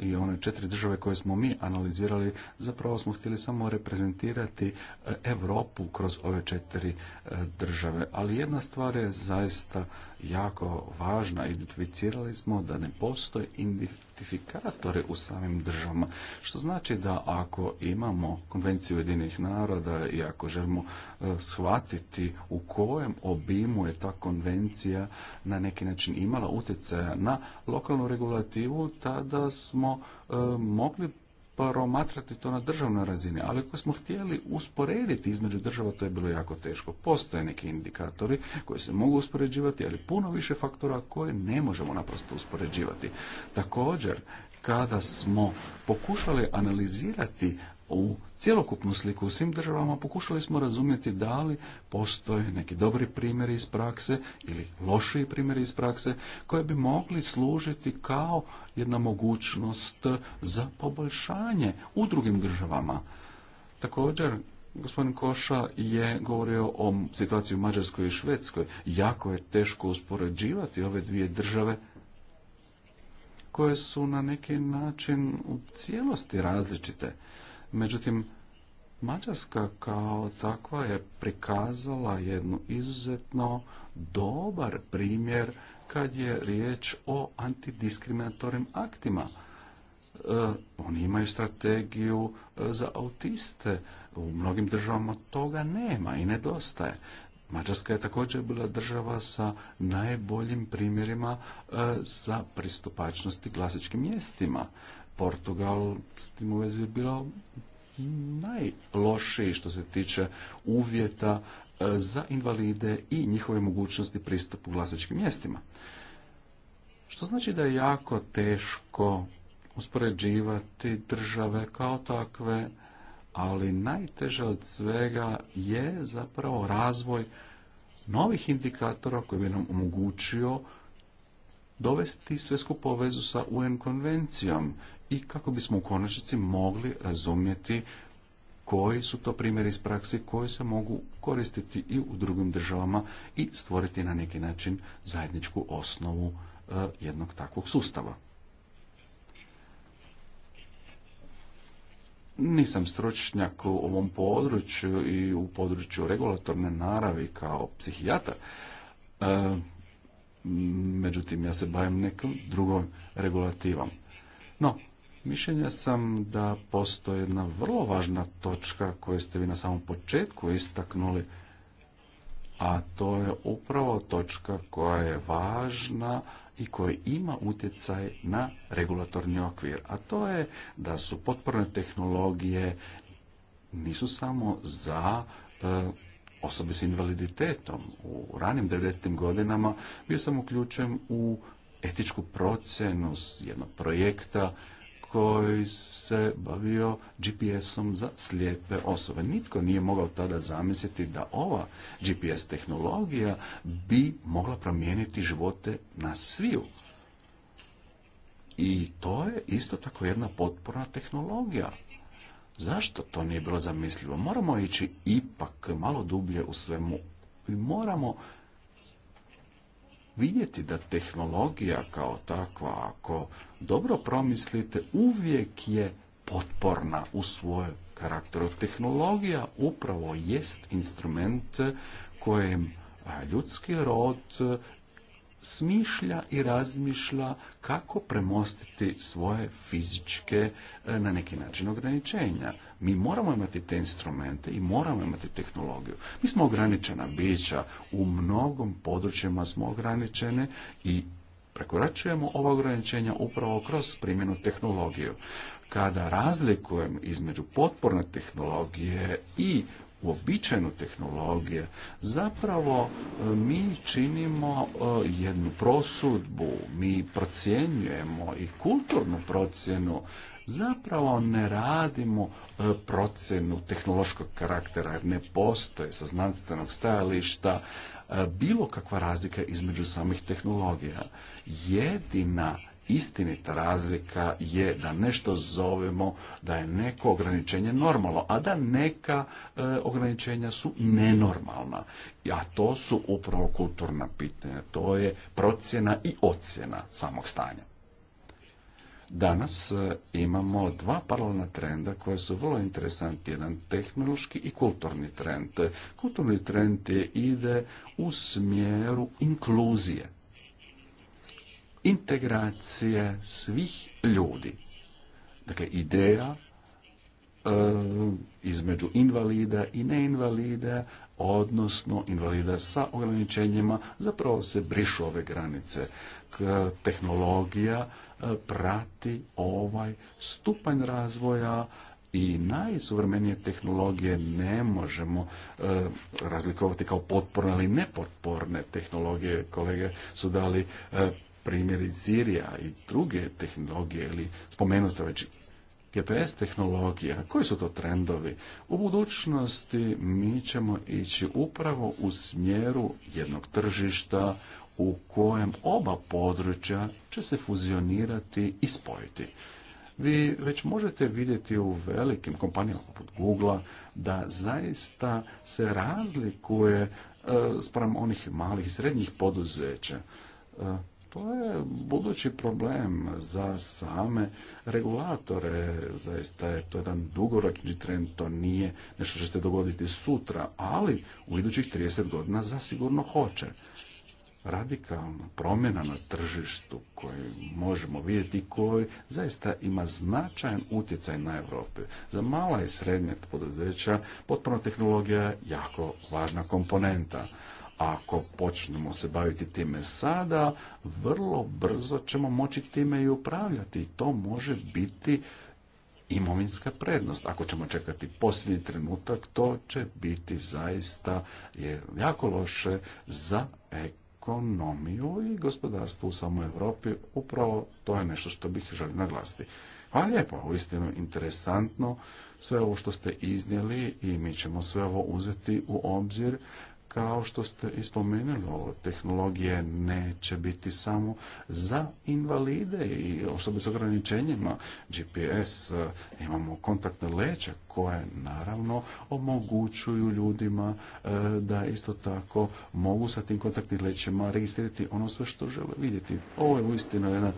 i one četiri države koje smo mi analizirali, zapravo smo htjeli samo reprezentirati e, Europu kroz ove četiri e, države. Ali jedna stvar je zaista jako važna. Identificirali smo da ne postoje identifikatore u samim državama. Što znači da ako imamo konvenciju jedinih naroda i ako želimo e, shvatiti u kojem obimu je ta konvencija na neki način imala utjecaja na lokalnu regulativu, ta da smo e, mogli promatrati to na državnoj razini, ali ako smo htjeli usporediti između država, to je bilo jako teško. Postoje neki indikatori koji se mogu uspoređivati, ali puno više faktora koje ne možemo naprosto uspoređivati. Također, kada smo pokušali analizirati u cjelokupnu sliku u svim državama pokušali smo razumjeti da li postoje neki dobri primjeri iz prakse ili loši primjeri iz prakse koje bi mogli služiti kao jedna mogućnost za poboljšanje u drugim državama. Također, Gospodin Koša je govorio o situaciji u Mađarskoj i Švedskoj. Jako je teško uspoređivati ove dvije države koje su na neki način u cijelosti različite. Međutim, Mađarska kao takva je prikazala jednu izuzetno dobar primjer kad je riječ o antidiskriminatornim aktima. E, oni imaju strategiju e, za autiste. U mnogim državama toga nema i nedostaje. Mađarska je također bila država sa najboljim primjerima e, za pristupačnosti glasičkim mjestima. Portugal s tim u vezi je bilo najlošiji što se tiče uvjeta e, za invalide i njihove mogućnosti pristupu glasačkim mjestima. Što znači da je jako teško uspoređivati države kao takve, ali najteže od svega je zapravo razvoj novih indikatora koji bi nam omogućio dovesti sve povezu vezu sa UN konvencijom i kako bismo u konačnici mogli razumjeti koji su to primjeri iz prakse koji se mogu koristiti i u drugim državama i stvoriti na neki način zajedničku osnovu e, jednog takvog sustava. Nisam stručnjak u ovom području i u području regulatorne naravi kao psihijatar. E, međutim, ja se bavim nekom drugom regulativom. No, Mišljenja sam da postoji jedna vrlo važna točka koju ste vi na samom početku istaknuli, a to je upravo točka koja je važna i koja ima utjecaj na regulatorni okvir, a to je da su potporne tehnologije nisu samo za e, osobe s invaliditetom. U ranim 90. godinama bio sam uključen u etičku procjenu jednog projekta koji se bavio GPS-om za slijepe osobe. Nitko nije mogao tada zamisliti da ova GPS tehnologija bi mogla promijeniti živote na sviju. I to je isto tako jedna potporna tehnologija. Zašto to nije bilo zamislivo? Moramo ići ipak malo dublje u svemu. I moramo vidjeti da tehnologija kao takva, ako dobro promislite, uvijek je potporna u svoj karakteru. Tehnologija upravo jest instrument kojem ljudski rod smišlja i razmišlja kako premostiti svoje fizičke e, na neki način ograničenja. Mi moramo imati te instrumente i moramo imati tehnologiju. Mi smo ograničena bića, u mnogom područjima smo ograničene i prekoračujemo ova ograničenja upravo kroz primjenu tehnologiju. Kada razlikujem između potporne tehnologije i uobičajenu tehnologije, zapravo e, mi činimo e, jednu prosudbu, mi procjenjujemo i kulturnu procjenu zapravo ne radimo e, procjenu tehnološkog karaktera jer ne postoje sa znanstvenog stajališta bilo kakva razlika između samih tehnologija. Jedina istinita razlika je da nešto zovemo da je neko ograničenje normalno, a da neka e, ograničenja su nenormalna. A to su upravo kulturna pitanja, to je procjena i ocjena samog stanja. Danas e, imamo dva paralelna trenda koja su vrlo interesanti, jedan tehnološki i kulturni trend. Kulturni trend ide u smjeru inkluzije integracije svih ljudi. Dakle, ideja e, između invalida i neinvalida, odnosno invalida sa ograničenjima, zapravo se brišu ove granice. tehnologija e, prati ovaj stupanj razvoja i najsuvremenije tehnologije ne možemo e, razlikovati kao potporne ili nepotporne tehnologije. Kolege su dali primjer iz i druge tehnologije ili spomenuto već GPS tehnologija, koji su to trendovi? U budućnosti mi ćemo ići upravo u smjeru jednog tržišta u kojem oba područja će se fuzionirati i spojiti. Vi već možete vidjeti u velikim kompanijama poput Google da zaista se razlikuje e, spram onih malih i srednjih poduzeća e, to je budući problem za same regulatore. Zaista je to jedan dugoročni trend, to nije nešto što će se dogoditi sutra, ali u idućih 30 godina zasigurno hoće. Radikalna promjena na tržištu koju možemo vidjeti koji zaista ima značajan utjecaj na Europu. Za mala i srednja poduzeća potpuno tehnologija je jako važna komponenta. Ako počnemo se baviti time sada, vrlo brzo ćemo moći time i upravljati i to može biti imovinska prednost. Ako ćemo čekati posljednji trenutak, to će biti zaista jako loše za ekonomiju i gospodarstvo u samoj Europi. Upravo to je nešto što bih želio naglasiti. Hvala lijepo, uistinu interesantno sve ovo što ste iznijeli i mi ćemo sve ovo uzeti u obzir kao što ste ispomenuli, ovo tehnologije neće biti samo za invalide i osobe s ograničenjima. GPS e, imamo kontaktne leće koje naravno omogućuju ljudima e, da isto tako mogu sa tim kontaktnim lećima registrirati ono sve što žele vidjeti. Ovo je uistinu jedna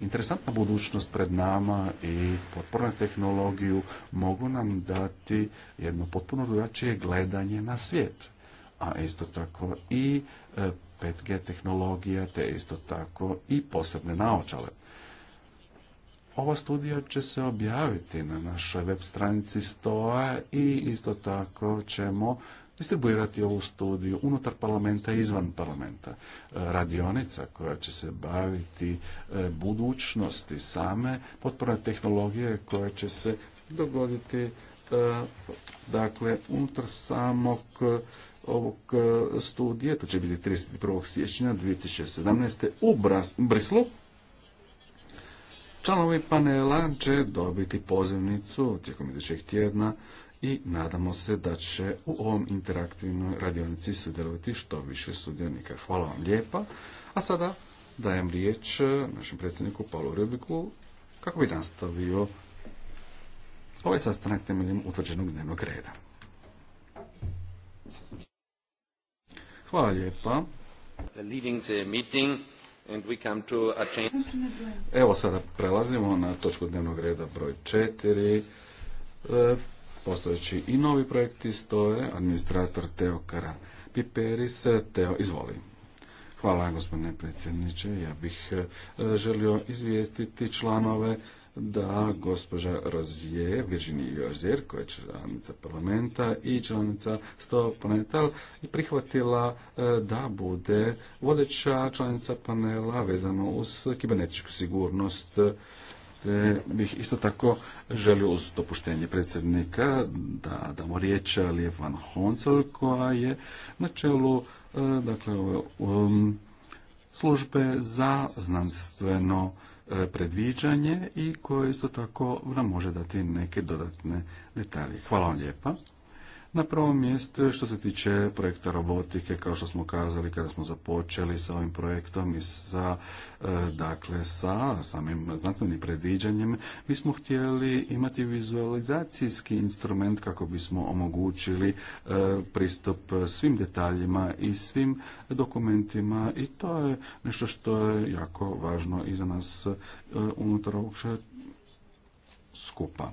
interesantna budućnost pred nama i potporna tehnologiju mogu nam dati jedno potpuno drugačije gledanje na svijet a isto tako i 5G e, tehnologija, te isto tako i posebne naočale. Ova studija će se objaviti na našoj web stranici STOA i isto tako ćemo distribuirati ovu studiju unutar parlamenta i izvan parlamenta. E, radionica koja će se baviti e, budućnosti same potporne tehnologije koja će se dogoditi dakle unutar samog ovog e, studije, to će biti 31. siječnja 2017. u Brislu. Članovi panela će dobiti pozivnicu tijekom idućeg tjedna i nadamo se da će u ovom interaktivnoj radionici sudjelovati što više sudionika. Hvala vam lijepa. A sada dajem riječ e, našem predsjedniku Paolo Rubiku kako bi nastavio ovaj sastanak temeljem utvrđenog dnevnog reda. Hvala lijepa. Evo sada prelazimo na točku dnevnog reda broj četiri. E, postojeći i novi projekti stoje. Administrator Teo Kara Piperis. Teo, izvoli. Hvala gospodine predsjedniče. Ja bih e, želio izvijestiti članove da gospođa Rozije, Virginie Jozier, koja je članica parlamenta i članica sto planetal, i prihvatila e, da bude vodeća članica panela vezano uz kibernetičku sigurnost te bih isto tako želio uz dopuštenje predsjednika da damo riječ Lije van Honcel koja je na čelu e, dakle, službe za znanstveno E, predviđanje i koje isto tako nam može dati neke dodatne detalje. Hvala vam lijepa. Na prvom mjestu što se tiče projekta robotike, kao što smo kazali kada smo započeli sa ovim projektom i sa, e, dakle, sa samim znanstvenim predviđanjem, mi smo htjeli imati vizualizacijski instrument kako bismo omogućili e, pristup svim detaljima i svim dokumentima i to je nešto što je jako važno i za nas e, unutar ovog skupa.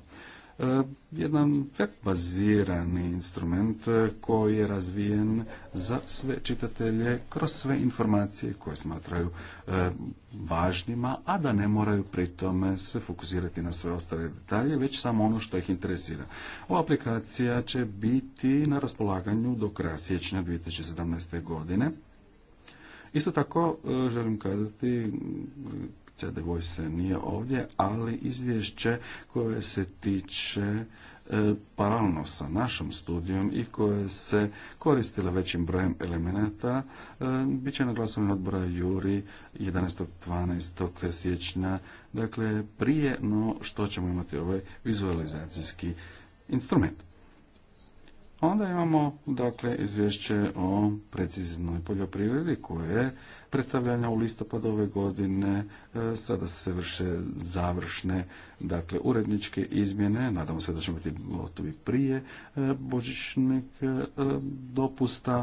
E, jedan bazirani instrument e, koji je razvijen za sve čitatelje kroz sve informacije koje smatraju e, važnima, a da ne moraju pri tome se fokusirati na sve ostale detalje, već samo ono što ih interesira. Ova aplikacija će biti na raspolaganju do kraja siječnja 2017. godine. Isto tako želim kazati Kolegica nije ovdje, ali izvješće koje se tiče e, paralelno sa našom studijom i koje se koristile većim brojem elemenata, e, bit će na glasovanju odbora Juri 11. 12. siječnja, dakle prije no što ćemo imati ovaj vizualizacijski instrument. Onda imamo dakle izvješće o preciznoj poljoprivredi koje predstavljanja u listopadu ove godine. E, sada se vrše završne, dakle, uredničke izmjene. Nadamo se da ćemo biti gotovi prije e, božićnog e, dopusta,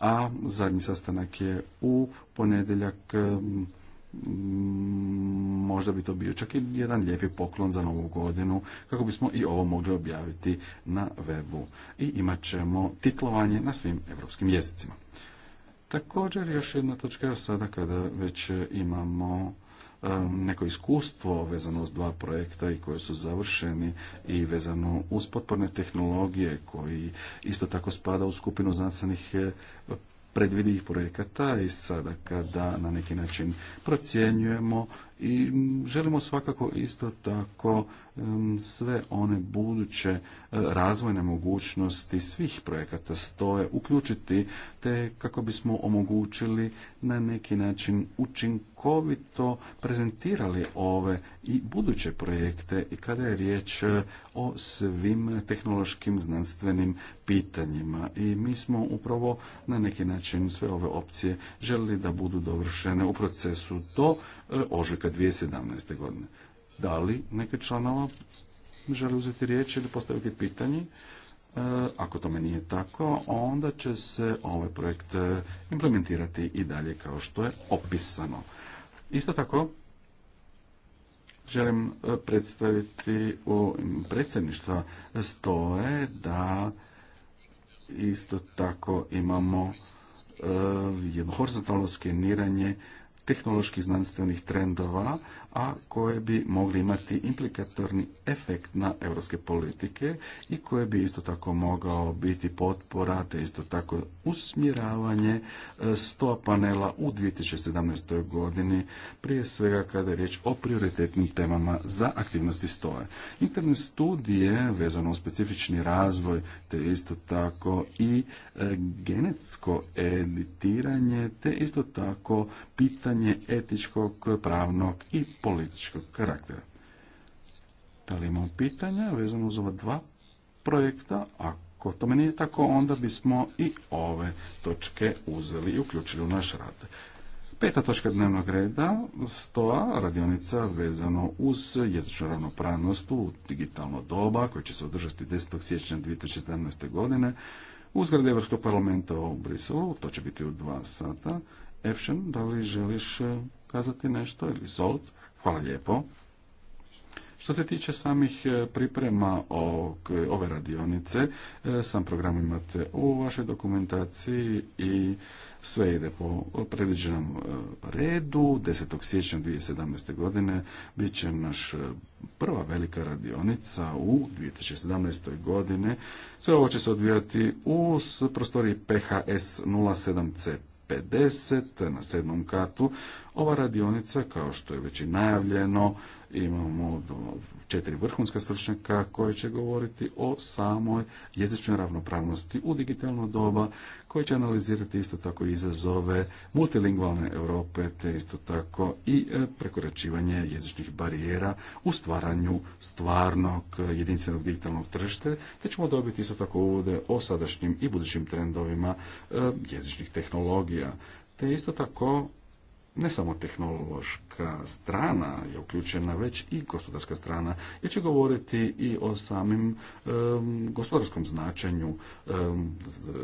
a zadnji sastanak je u ponedjeljak možda bi to bio čak i jedan lijepi poklon za novu godinu kako bismo i ovo mogli objaviti na webu i imat ćemo titlovanje na svim europskim jezicima. Također još jedna točka sada kada već imamo e, neko iskustvo vezano s dva projekta i koji su završeni i vezano uz potporne tehnologije koji isto tako spada u skupinu znanstvenih e, predvidivih projekata i sada kada na neki način procjenjujemo i želimo svakako isto tako sve one buduće e, razvojne mogućnosti svih projekata stoje uključiti te kako bismo omogućili na neki način učinkovito prezentirali ove i buduće projekte i kada je riječ e, o svim tehnološkim znanstvenim pitanjima. I mi smo upravo na neki način sve ove opcije želili da budu dovršene u procesu do e, ožujka 2017. godine. Da li neke članova žele uzeti riječ ili postaviti pitanje? E, ako tome nije tako, onda će se ovaj projekt e, implementirati i dalje kao što je opisano. Isto tako, želim e, predstaviti u predsjedništva stoje da isto tako imamo jedno horizontalno skeniranje tehnoloških znanstvenih trendova, a koje bi mogli imati implikatorni efekt na europske politike i koje bi isto tako mogao biti potpora, te isto tako usmjeravanje e, sto panela u 2017. godini, prije svega kada je riječ o prioritetnim temama za aktivnosti stoje. Interne studije vezano u specifični razvoj, te isto tako i e, genetsko editiranje, te isto tako pitanje pitanje etičkog, pravnog i političkog karaktera. Da li imamo pitanja vezano uz ova dva projekta? Ako tome nije tako, onda bismo i ove točke uzeli i uključili u naš rad. Peta točka dnevnog reda stoa radionica vezano uz jezičnu ravnopravnost u digitalno doba koje će se održati 10. siječnja 2017. godine u zgradi Europskog parlamenta u Briselu. To će biti u dva sata. Evšen, da li želiš e, kazati nešto ili Zolt? Hvala lijepo. Što se tiče samih e, priprema ove radionice, e, sam program imate u vašoj dokumentaciji i sve ide po predviđenom redu. 10. siječnja 2017. godine bit će naš prva velika radionica u 2017. godine. Sve ovo će se odvijati u prostoriji PHS 07C 50 na sedmom katu ova radionica, kao što je već i najavljeno, imamo četiri vrhunska stručnjaka koji će govoriti o samoj jezičnoj ravnopravnosti u digitalno doba, koje će analizirati isto tako izazove multilingualne Europe, te isto tako i e, prekoračivanje jezičnih barijera u stvaranju stvarnog jedinstvenog digitalnog tržišta, te ćemo dobiti isto tako uvode o sadašnjim i budućim trendovima e, jezičnih tehnologija te isto tako ne samo tehnološka strana je uključena, već i gospodarska strana, jer će govoriti i o samim gospodarskom značenju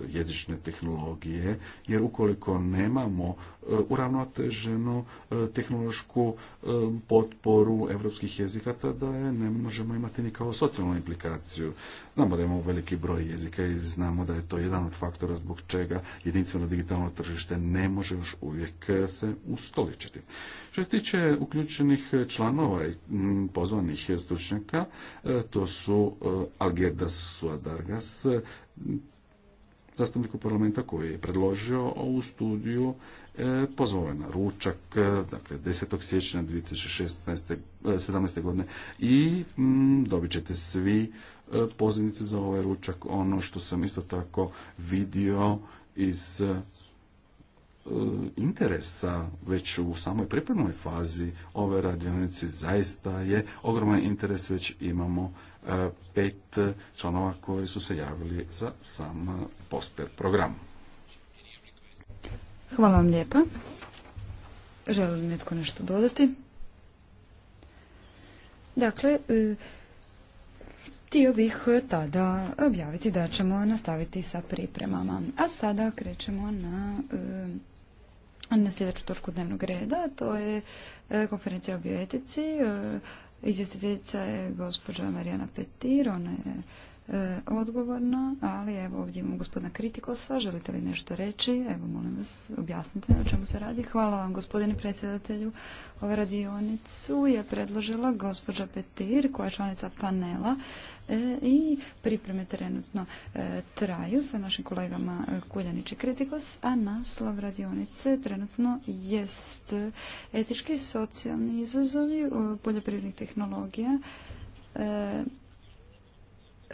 jezične tehnologije, jer ukoliko nemamo e, uravnoteženu e, tehnološku potporu evropskih jezika, tada je ne možemo imati ni kao socijalnu implikaciju. Znamo da imamo veliki broj jezika i znamo da je to jedan od faktora zbog čega jedinstveno digitalno tržište ne može još uvijek e, se ustoličiti. Što se tiče uključenih članova i pozvanih stručnjaka, e, to su e, Algerda Suadargas, e, zastupniku parlamenta koji je predložio ovu studiju pozvao je na ručak, dakle 10. siječnja 2016. 17. godine i dobit ćete svi pozivnice za ovaj ručak. Ono što sam isto tako vidio iz E, interesa već u samoj pripremnoj fazi ove radionice zaista je ogroman interes, već imamo e, pet članova koji su se javili za sam poster program. Hvala vam lijepa. Želi li netko nešto dodati? Dakle, e, htio bih tada objaviti da ćemo nastaviti sa pripremama. A sada krećemo na na sljedeću točku dnevnog reda. To je e, konferencija o bioetici. E, izvjestiteljica je gospođa Marijana Petir, ona je e, odgovorna, ali evo ovdje imamo gospodina Kritikosa, želite li nešto reći? Evo molim vas, objasnite o čemu se radi. Hvala vam gospodine predsjedatelju. Ove radionicu je predložila gospođa Petir, koja je članica panela E, i pripreme trenutno e, traju sa našim kolegama e, Kuljanić i Kritikos, a naslov radionice trenutno jest etički i socijalni izazovi poljoprivrednih tehnologija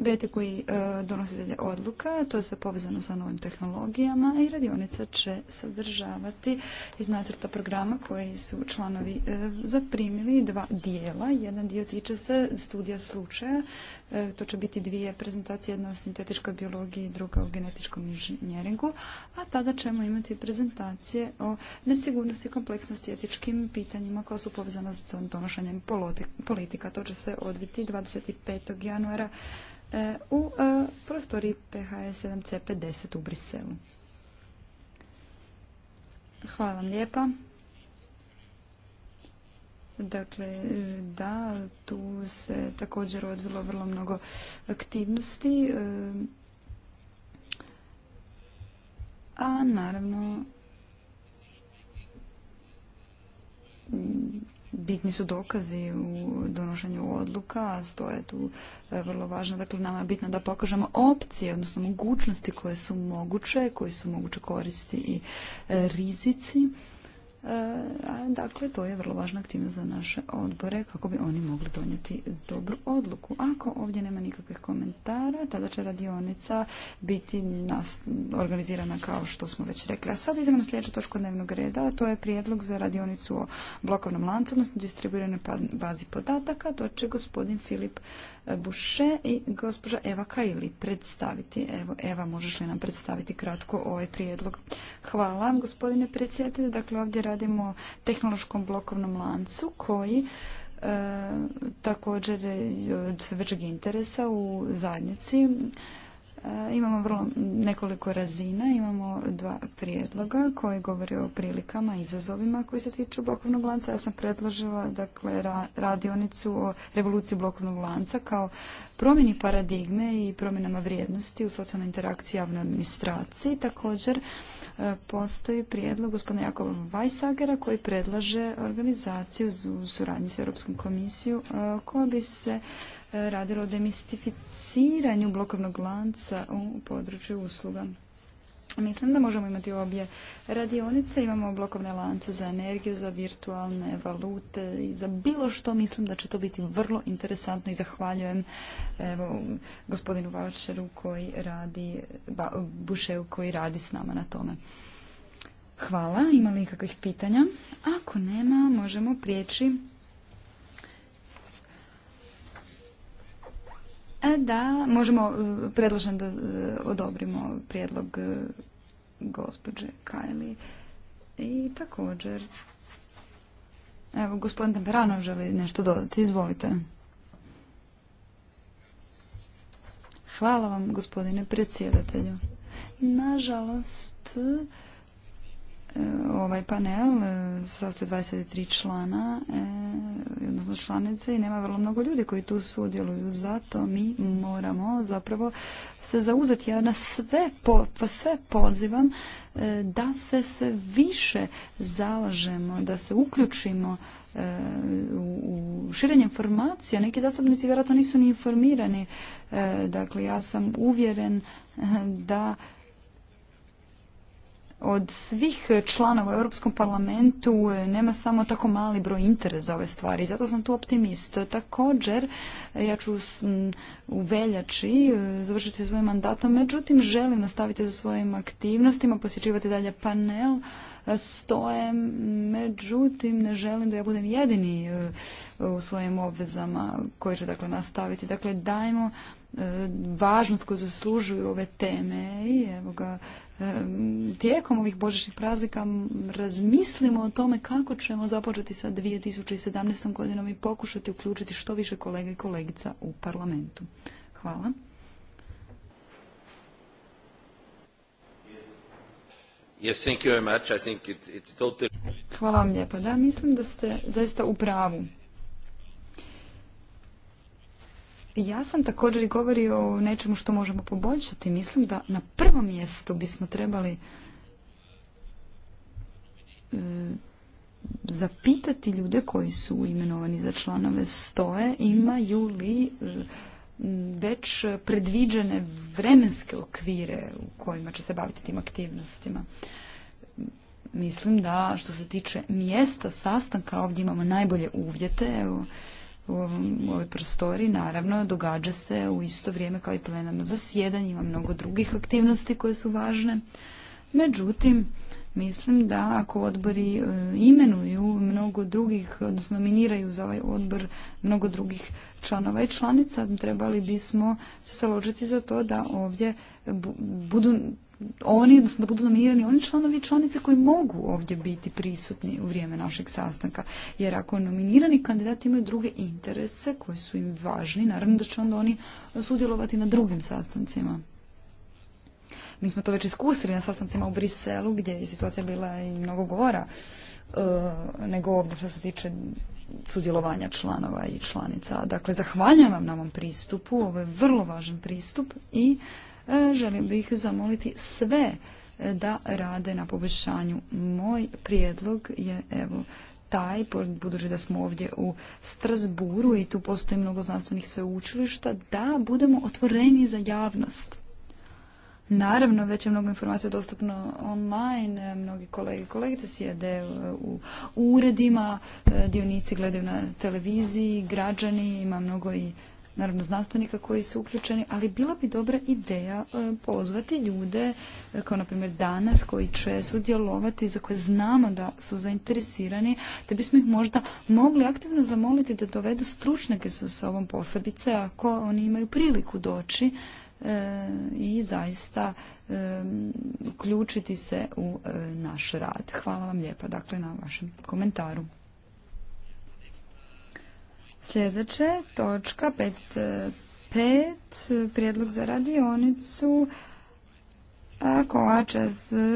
Bete koji donositelje odluka, to je sve povezano sa novim tehnologijama i radionica će sadržavati iz nacrta programa koji su članovi zaprimili dva dijela. Jedan dio tiče se studija slučaja E, to će biti dvije prezentacije, jedna o sintetičkoj biologiji, druga o genetičkom inženjeringu, a tada ćemo imati prezentacije o nesigurnosti i kompleksnosti etičkim pitanjima koja su povezana s donošenjem politika. To će se odviti 25. januara e, u e, prostoriji PHS 7C50 u Briselu. Hvala vam lijepa. Dakle, da, tu se također odvilo vrlo mnogo aktivnosti. A naravno, bitni su dokazi u donošenju odluka, a je tu e, vrlo važno. Dakle, nama je bitno da pokažemo opcije, odnosno mogućnosti koje su moguće, koji su moguće koristi i e, rizici. E, dakle, to je vrlo važna aktivnost za naše odbore kako bi oni mogli donijeti dobru odluku. Ako ovdje nema nikakvih komentara, tada će radionica biti nas, organizirana kao što smo već rekli. A sad idemo na sljedeću točku dnevnog reda, to je prijedlog za radionicu o blokovnom lancu, odnosno distribuiranoj pa-, bazi podataka. To će gospodin Filip Buše i gospođa Eva Kajli predstaviti. Eva, možeš li nam predstaviti kratko ovaj prijedlog? Hvala, gospodine predsjedatelju. Dakle, ovdje radimo o tehnološkom blokovnom lancu koji e, također je od većeg interesa u zajednici E, imamo vrlo nekoliko razina, imamo dva prijedloga koji govore o prilikama i izazovima koji se tiču blokovnog lanca. Ja sam predložila dakle, radionicu o revoluciji blokovnog lanca kao promjeni paradigme i promjenama vrijednosti u socijalnoj interakciji javnoj administraciji. Također E, postoji prijedlog gospodina Jakova Vajsagera koji predlaže organizaciju u suradnji s Europskom komisijom e, koja bi se e, radila o demistificiranju blokovnog lanca u području usluga. Mislim da možemo imati obje radionice, imamo blokovne lance za energiju, za virtualne valute i za bilo što. Mislim da će to biti vrlo interesantno i zahvaljujem evo, gospodinu Vaučeru koji radi, ba, koji radi s nama na tome. Hvala, ima li ikakvih pitanja? Ako nema, možemo prijeći E, da, možemo, e, predlažem da e, odobrimo prijedlog gospođe Kajli. I također, evo, gospodin Temperanov želi nešto dodati, izvolite. Hvala vam, gospodine predsjedatelju. Nažalost, E, ovaj panel e, sastoji 23 člana, e, odnosno članice i nema vrlo mnogo ljudi koji tu sudjeluju. Zato mi moramo zapravo se zauzeti. Ja na sve, po, sve pozivam da se sve više zalažemo, da se uključimo u širenje informacija. Neki zastupnici vjerojatno nisu ni informirani. Dakle, ja sam uvjeren da od svih članova u Europskom parlamentu e, nema samo tako mali broj interesa ove stvari. Zato sam tu optimist. Također, ja ću u veljači e, završiti svoj mandat. međutim želim nastaviti sa svojim aktivnostima, posjećivati dalje panel Stojem, međutim ne želim da ja budem jedini e, u svojim obvezama koje će dakle nastaviti. Dakle, dajmo važnost koju zaslužuju ove teme i evo ga, e, tijekom ovih božićnih praznika razmislimo o tome kako ćemo započeti sa 2017. godinom i pokušati uključiti što više kolega i kolegica u parlamentu. Hvala. Hvala vam lijepa. Da, mislim da ste zaista u pravu. Ja sam također govorio o nečemu što možemo poboljšati. Mislim da na prvom mjestu bismo trebali e, zapitati ljude koji su imenovani za članove stoje imaju li e, već predviđene vremenske okvire u kojima će se baviti tim aktivnostima. Mislim da što se tiče mjesta sastanka ovdje imamo najbolje uvjete. Evo, u ovoj prostori Naravno, događa se u isto vrijeme kao i plenarno zasjedanje, ima mnogo drugih aktivnosti koje su važne. Međutim, mislim da ako odbori e, imenuju mnogo drugih, odnosno nominiraju za ovaj odbor mnogo drugih članova i članica, trebali bismo se saložiti za to da ovdje budu oni, odnosno da budu nominirani oni članovi i članice koji mogu ovdje biti prisutni u vrijeme našeg sastanka. Jer ako nominirani kandidati imaju druge interese koji su im važni, naravno da će onda oni sudjelovati na drugim sastancima. Mi smo to već iskusili na sastancima u Briselu gdje je situacija bila i mnogo gora e, nego ovdje što se tiče sudjelovanja članova i članica. Dakle, zahvaljujem vam na ovom pristupu, ovo je vrlo važan pristup i E, želim bih zamoliti sve e, da rade na poboljšanju. Moj prijedlog je evo taj, budući da smo ovdje u Strasburu i tu postoji mnogo znanstvenih sveučilišta, da budemo otvoreni za javnost. Naravno, već je mnogo informacija dostupno online, e, mnogi kolege i kolegice sjede u uredima, dionici gledaju na televiziji, građani, ima mnogo i naravno znanstvenika koji su uključeni, ali bila bi dobra ideja e, pozvati ljude e, kao na primjer danas koji će sudjelovati za koje znamo da su zainteresirani, da bismo ih možda mogli aktivno zamoliti da dovedu stručnjake sa sobom posebice ako oni imaju priliku doći e, i zaista uključiti se u naš rad. Hvala vam lijepa dakle na vašem komentaru. Sljedeće, točka 5.5, prijedlog za radionicu koja će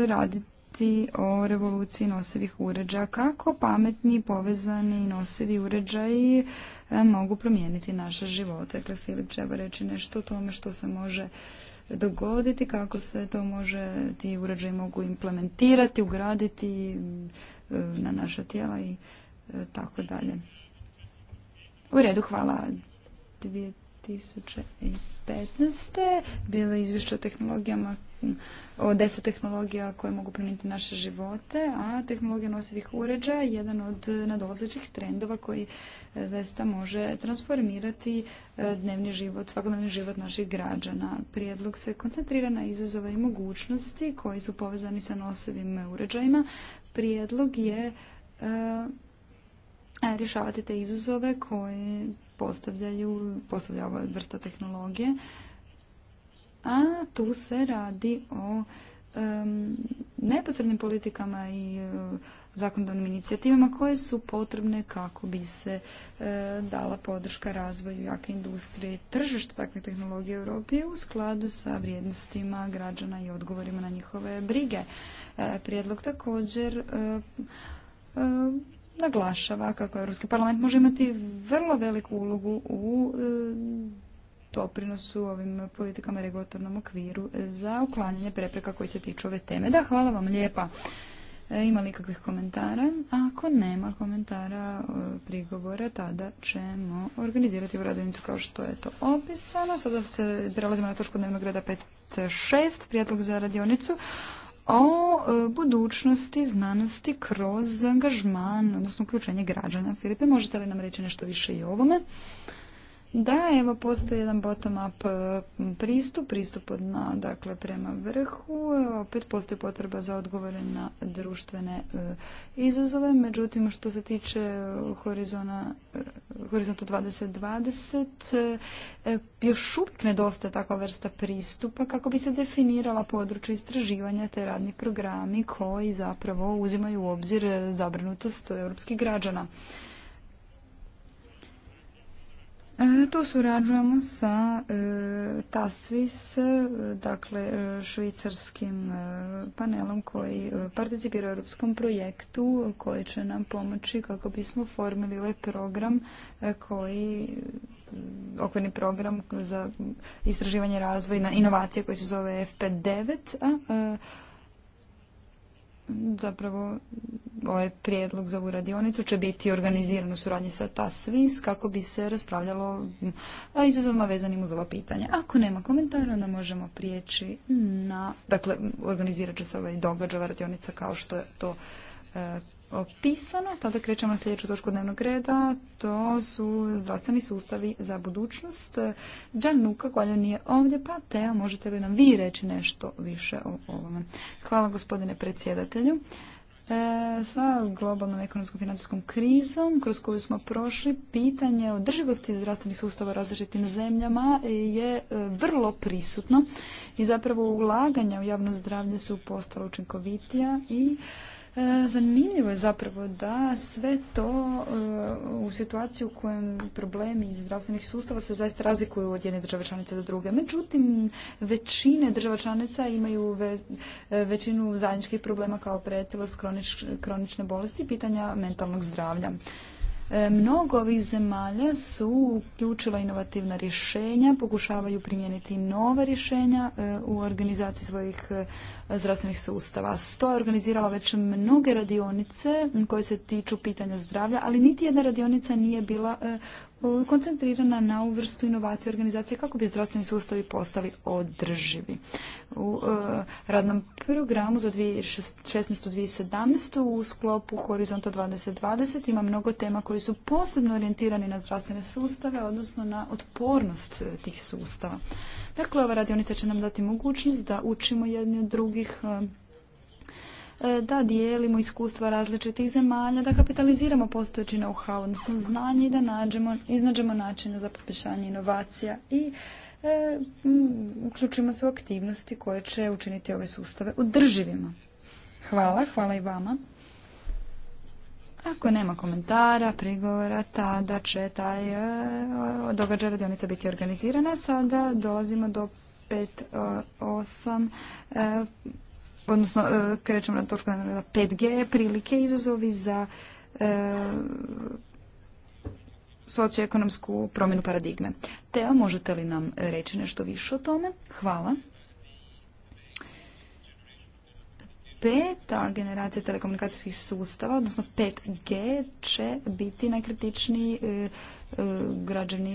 raditi o revoluciji nosivih uređaja, kako pametni, povezani nosivi uređaji e, mogu promijeniti naše živote. Dakle, Filip treba reći nešto o tome što se može dogoditi, kako se to može, ti uređaji mogu implementirati, ugraditi e, na naša tijela i e, tako dalje. U redu, hvala. 2015. bilo je izvješće o tehnologijama o deset tehnologija koje mogu promijeniti naše živote, a tehnologija nosivih uređaja je jedan od nadolazećih trendova koji e, zaista može transformirati e, dnevni život, svakodnevni život naših građana. Prijedlog se koncentrira na izazove i mogućnosti koji su povezani sa nosivim uređajima. Prijedlog je e, E, rješavati te izazove koje postavljaju, postavlja ova vrsta tehnologije. A tu se radi o neposrednim politikama i e, zakonodavnim inicijativama koje su potrebne kako bi se e, dala podrška razvoju jake industrije i tržišta takve tehnologije u Europi u skladu sa vrijednostima građana i odgovorima na njihove brige. prijedlog također naglašava kako Europski parlament može imati vrlo veliku ulogu u e, doprinosu ovim politikama i regulatornom okviru za uklanjanje prepreka koji se tiču ove teme. Da, hvala vam lijepa. E, ima li kakvih komentara? Ako nema komentara, e, prigovora, tada ćemo organizirati u radovnicu kao što je to opisano. Sada se prelazimo na točku dnevnog reda 5.6, prijedlog za radionicu o e, budućnosti znanosti kroz angažman, odnosno uključenje građana. Filipe, možete li nam reći nešto više i o ovome? Da, evo postoji jedan bottom-up e, pristup, pristup od dakle, prema vrhu. E, opet postoji potreba za odgovore na društvene e, izazove. Međutim, što se tiče horizonta horizonta 2020, još uvijek nedostaje takva vrsta pristupa kako bi se definirala područja istraživanja te radni programi koji zapravo uzimaju u obzir zabrinutost europskih građana. E, tu surađujemo sa e, TASVIS, e, dakle švicarskim panelom koji participira u europskom projektu koji će nam pomoći kako bismo formili ovaj program koji okvirni program za istraživanje razvoj i inovacije koji se zove FP9, a zapravo ovaj prijedlog za ovu radionicu će biti organiziran u suradnji sa svis kako bi se raspravljalo o izazovima vezanim uz ova pitanja. Ako nema komentara, onda možemo prijeći na... Dakle, organizirat će se ovaj događaj, radionica kao što je to e, opisano. Tada krećemo na sljedeću točku dnevnog reda. To su zdravstveni sustavi za budućnost. Đanuka koja nije ovdje, pa Teo, možete li nam vi reći nešto više o ovome? Hvala gospodine predsjedatelju. E, sa globalnom ekonomskom financijskom krizom kroz koju smo prošli, pitanje održivosti zdravstvenih sustava u različitim zemljama je e, vrlo prisutno i zapravo ulaganja u javno zdravlje su postala učinkovitija i E, zanimljivo je zapravo da sve to e, u situaciji u kojem problemi iz zdravstvenih sustava se zaista razlikuju od jedne države članice do druge. Međutim, većine država članica imaju e, većinu zajedničkih problema kao pretilost, kronične bolesti i pitanja mentalnog zdravlja. Mnogo ovih zemalja su uključila inovativna rješenja, pokušavaju primijeniti nova rješenja u organizaciji svojih zdravstvenih sustava. Sto je organizirala već mnoge radionice koje se tiču pitanja zdravlja, ali niti jedna radionica nije bila e, koncentrirana na ovu vrstu inovacije organizacije kako bi zdravstveni sustavi postali održivi. U e, radnom programu za 2016-2017 u sklopu Horizonta 2020 ima mnogo tema koji su posebno orijentirani na zdravstvene sustave, odnosno na otpornost tih sustava. Dakle, ova radionica će nam dati mogućnost da učimo jedni od drugih, e, e, da dijelimo iskustva različitih zemalja, da kapitaliziramo postojeći know-how, odnosno znanje i da nađemo, iznađemo načine za poboljšanje inovacija i e, uključimo se u aktivnosti koje će učiniti ove sustave održivima. Hvala, hvala i vama. Ako nema komentara, prigovora, tada će taj e, događaj radionica biti organizirana. Sada dolazimo do 5.8, e, e, odnosno krećemo na točku 5G, prilike, izazovi za socioekonomsku promjenu paradigme. Teo, možete li nam reći nešto više o tome? Hvala. peta generacija telekomunikacijskih sustava, odnosno 5G, će biti najkritičniji e,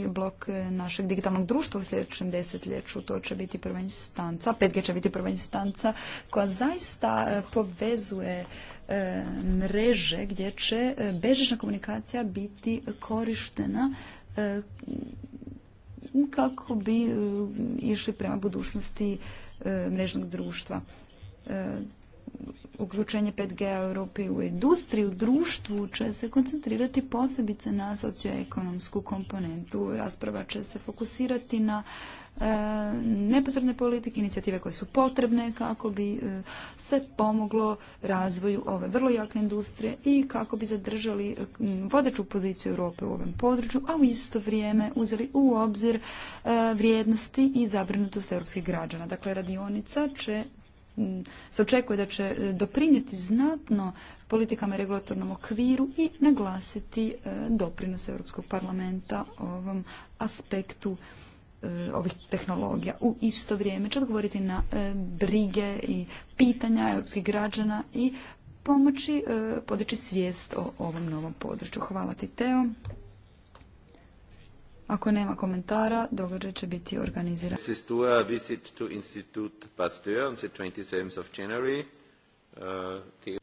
e blok našeg digitalnog društva u sljedećem desetljeću. To će biti prva instanca, 5G će biti prva instanca koja zaista e, povezuje e, mreže gdje će bežična komunikacija biti korištena kako bi išli prema budućnosti mrežnog društva uključenje 5G u Europi u industriju, u društvu će se koncentrirati posebice na socioekonomsku komponentu. Rasprava će se fokusirati na e, neposredne politike, inicijative koje su potrebne kako bi e, se pomoglo razvoju ove vrlo jake industrije i kako bi zadržali e, vodeću poziciju Europe u ovom području, a u isto vrijeme uzeli u obzir vrijednosti i zabrinutost europskih građana. Dakle, radionica će se očekuje da će e, doprinijeti znatno politikama i regulatornom okviru i naglasiti e, doprinos Europskog parlamenta ovom aspektu e, ovih tehnologija. U isto vrijeme će odgovoriti na brige i pitanja europskih građana i pomoći podići svijest o ovom novom području. Hvala ti Teo. Ako nema komentara, događaj će biti organiziran. Sistua visit to Institut Pasteur on the 27th of January. Uh,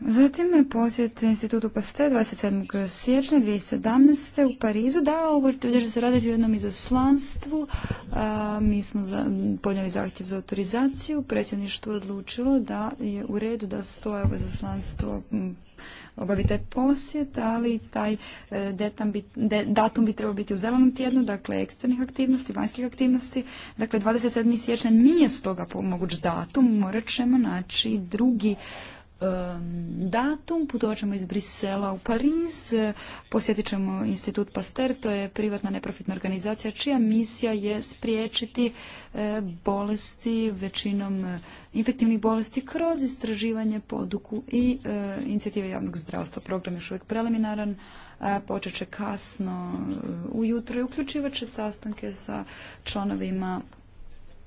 Zatim je posjet Institutu Paste, 27. siječnja 2017. u Parizu. Da, ovo će se raditi u jednom izaslanstvu. mi smo podnijeli zahtjev za autorizaciju. Predsjedništvo je odlučilo da je u redu da stoje ovo izaslanstvo obavi taj posjet, ali taj e, bi, datum bi trebao biti u zelenom tjednu, dakle eksternih aktivnosti, vanjskih aktivnosti. Dakle, 27. siječnja nije stoga moguć datum, morat ćemo naći drugi Um, datum, putovat ćemo iz Brisela u Pariz, posjetit ćemo Institut Pasteur, to je privatna neprofitna organizacija čija misija je spriječiti uh, bolesti, većinom uh, infektivnih bolesti kroz istraživanje, poduku i uh, inicijative javnog zdravstva. Program je još uvijek preliminaran, počet će kasno ujutro i uključivat će sastanke sa članovima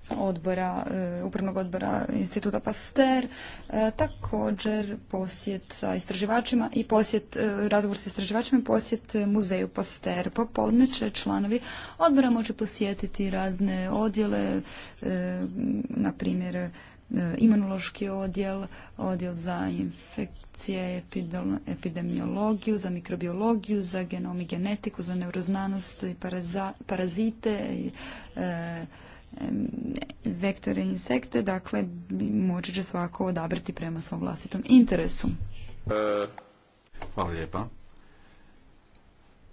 odbora, e, upravnog odbora instituta Paster e, također posjet sa istraživačima i posjet, e, razgovor sa istraživačima i posjet muzeju Pasteur. Popodne će članovi odbora moći posjetiti razne odjele, na primjer imunološki odjel, odjel za infekcije, epidemiologiju, za mikrobiologiju, za genom i genetiku, za neuroznanost i parazite, vektore insekte, dakle moći će svako odabrati prema svom vlastitom interesu. E, hvala lijepa.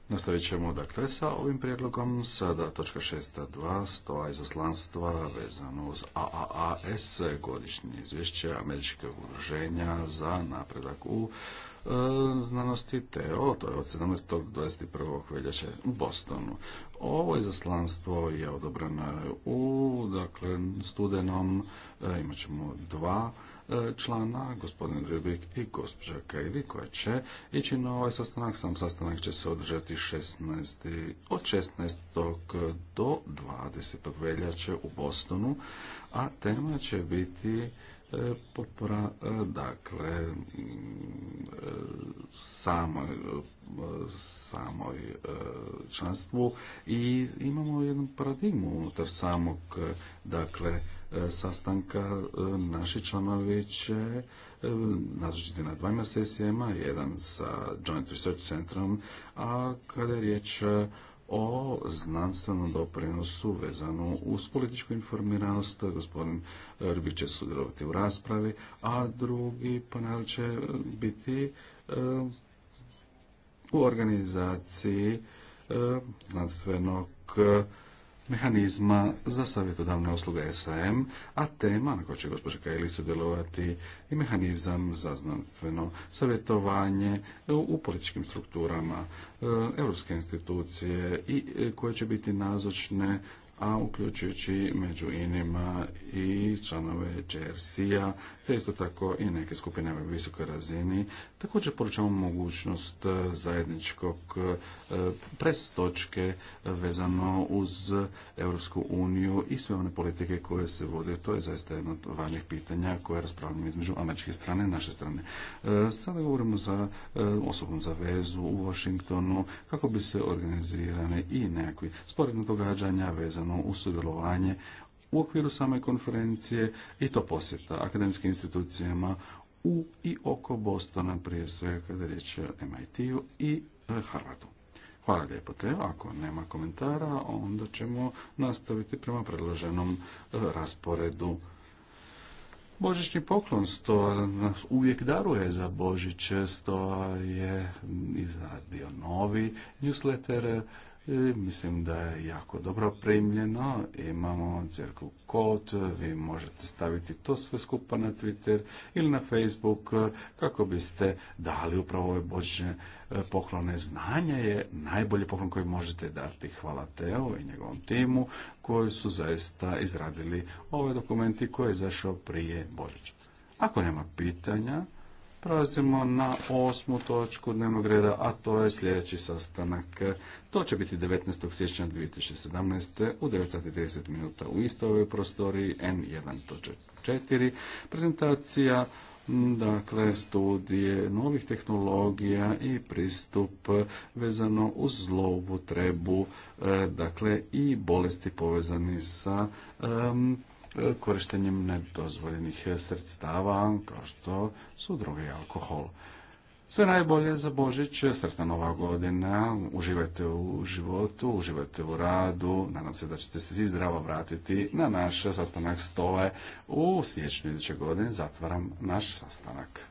Nastavit ćemo dakle sa ovim prijedlogom. Sada točka 6.2 iz izaslanstva vezano uz AAAS godišnje izvješće Američkog udruženja za napredak u E, znanosti TEO, to je od 17. do 21. veljače u Bostonu. Ovo izaslanstvo je odobreno u dakle, studenom, e, imat ćemo dva e, člana, gospodin Rubik i gospođa Kajri, koja će ići na ovaj sastanak. Sam sastanak će se održati 16. od 16. do 20. veljače u Bostonu, a tema će biti E, potpora, e, dakle, e, samoj, samoj članstvu i imamo jednu paradigmu unutar samog, dakle, sastanka naši članovi će nazočiti na dvajma sesijama, jedan sa Joint Research Centrum, a kada je riječ o znanstvenom doprinosu vezano uz političku informiranost. Gospodin Rbić će sudjelovati u raspravi, a drugi panel će biti e, u organizaciji e, znanstvenog mehanizma za savjetodavne usluge SAM, a tema na kojoj će gospođa Kajli sudjelovati i mehanizam za znanstveno savjetovanje u, u političkim strukturama, e, europske institucije i e, koje će biti nazočne a uključujući među inima i članove JRC-a, te isto tako i neke skupine na visokoj razini. Također poručamo mogućnost e, zajedničkog e, pres točke vezano uz Europsku uniju i sve one politike koje se vode. To je zaista jedno od važnih pitanja koje raspravljamo između američke strane i naše strane. E, sada govorimo za osobnu zavezu u Washingtonu kako bi se organizirane i nekakvi sporedne događanja vezano vezano sudjelovanje u okviru same konferencije i to posjeta akademskim institucijama u i oko Bostona, prije svega kada je riječ o MIT-u i e, Harvardu. Hvala lijepo te. Ako nema komentara, onda ćemo nastaviti prema predloženom e, rasporedu. Božićni poklon sto nas uvijek daruje za Božić, sto je izradio novi newsletter E, mislim da je jako dobro primljeno. Imamo crkvu kod, vi možete staviti to sve skupa na Twitter ili na Facebook e, kako biste dali upravo ove božne e, poklone. Znanje je najbolji poklon koji možete dati. Hvala Teo i njegovom timu koji su zaista izradili ove dokumenti koje je izašao prije Božića. Ako nema pitanja, Prelazimo na osmu točku dnevnog reda, a to je sljedeći sastanak. To će biti 19. siječnja 2017. u 9.30 minuta u istoj prostoriji N1.4. Prezentacija dakle studije novih tehnologija i pristup vezano uz zloupotrebu e, dakle i bolesti povezani sa korištenjem nedozvoljenih sredstava kao što su drugi alkohol. Sve najbolje za Božić, sretna nova godina, uživajte u životu, uživajte u radu, nadam se da ćete svi zdravo vratiti na naš sastanak stole u siječnju iduće godine, zatvaram naš sastanak.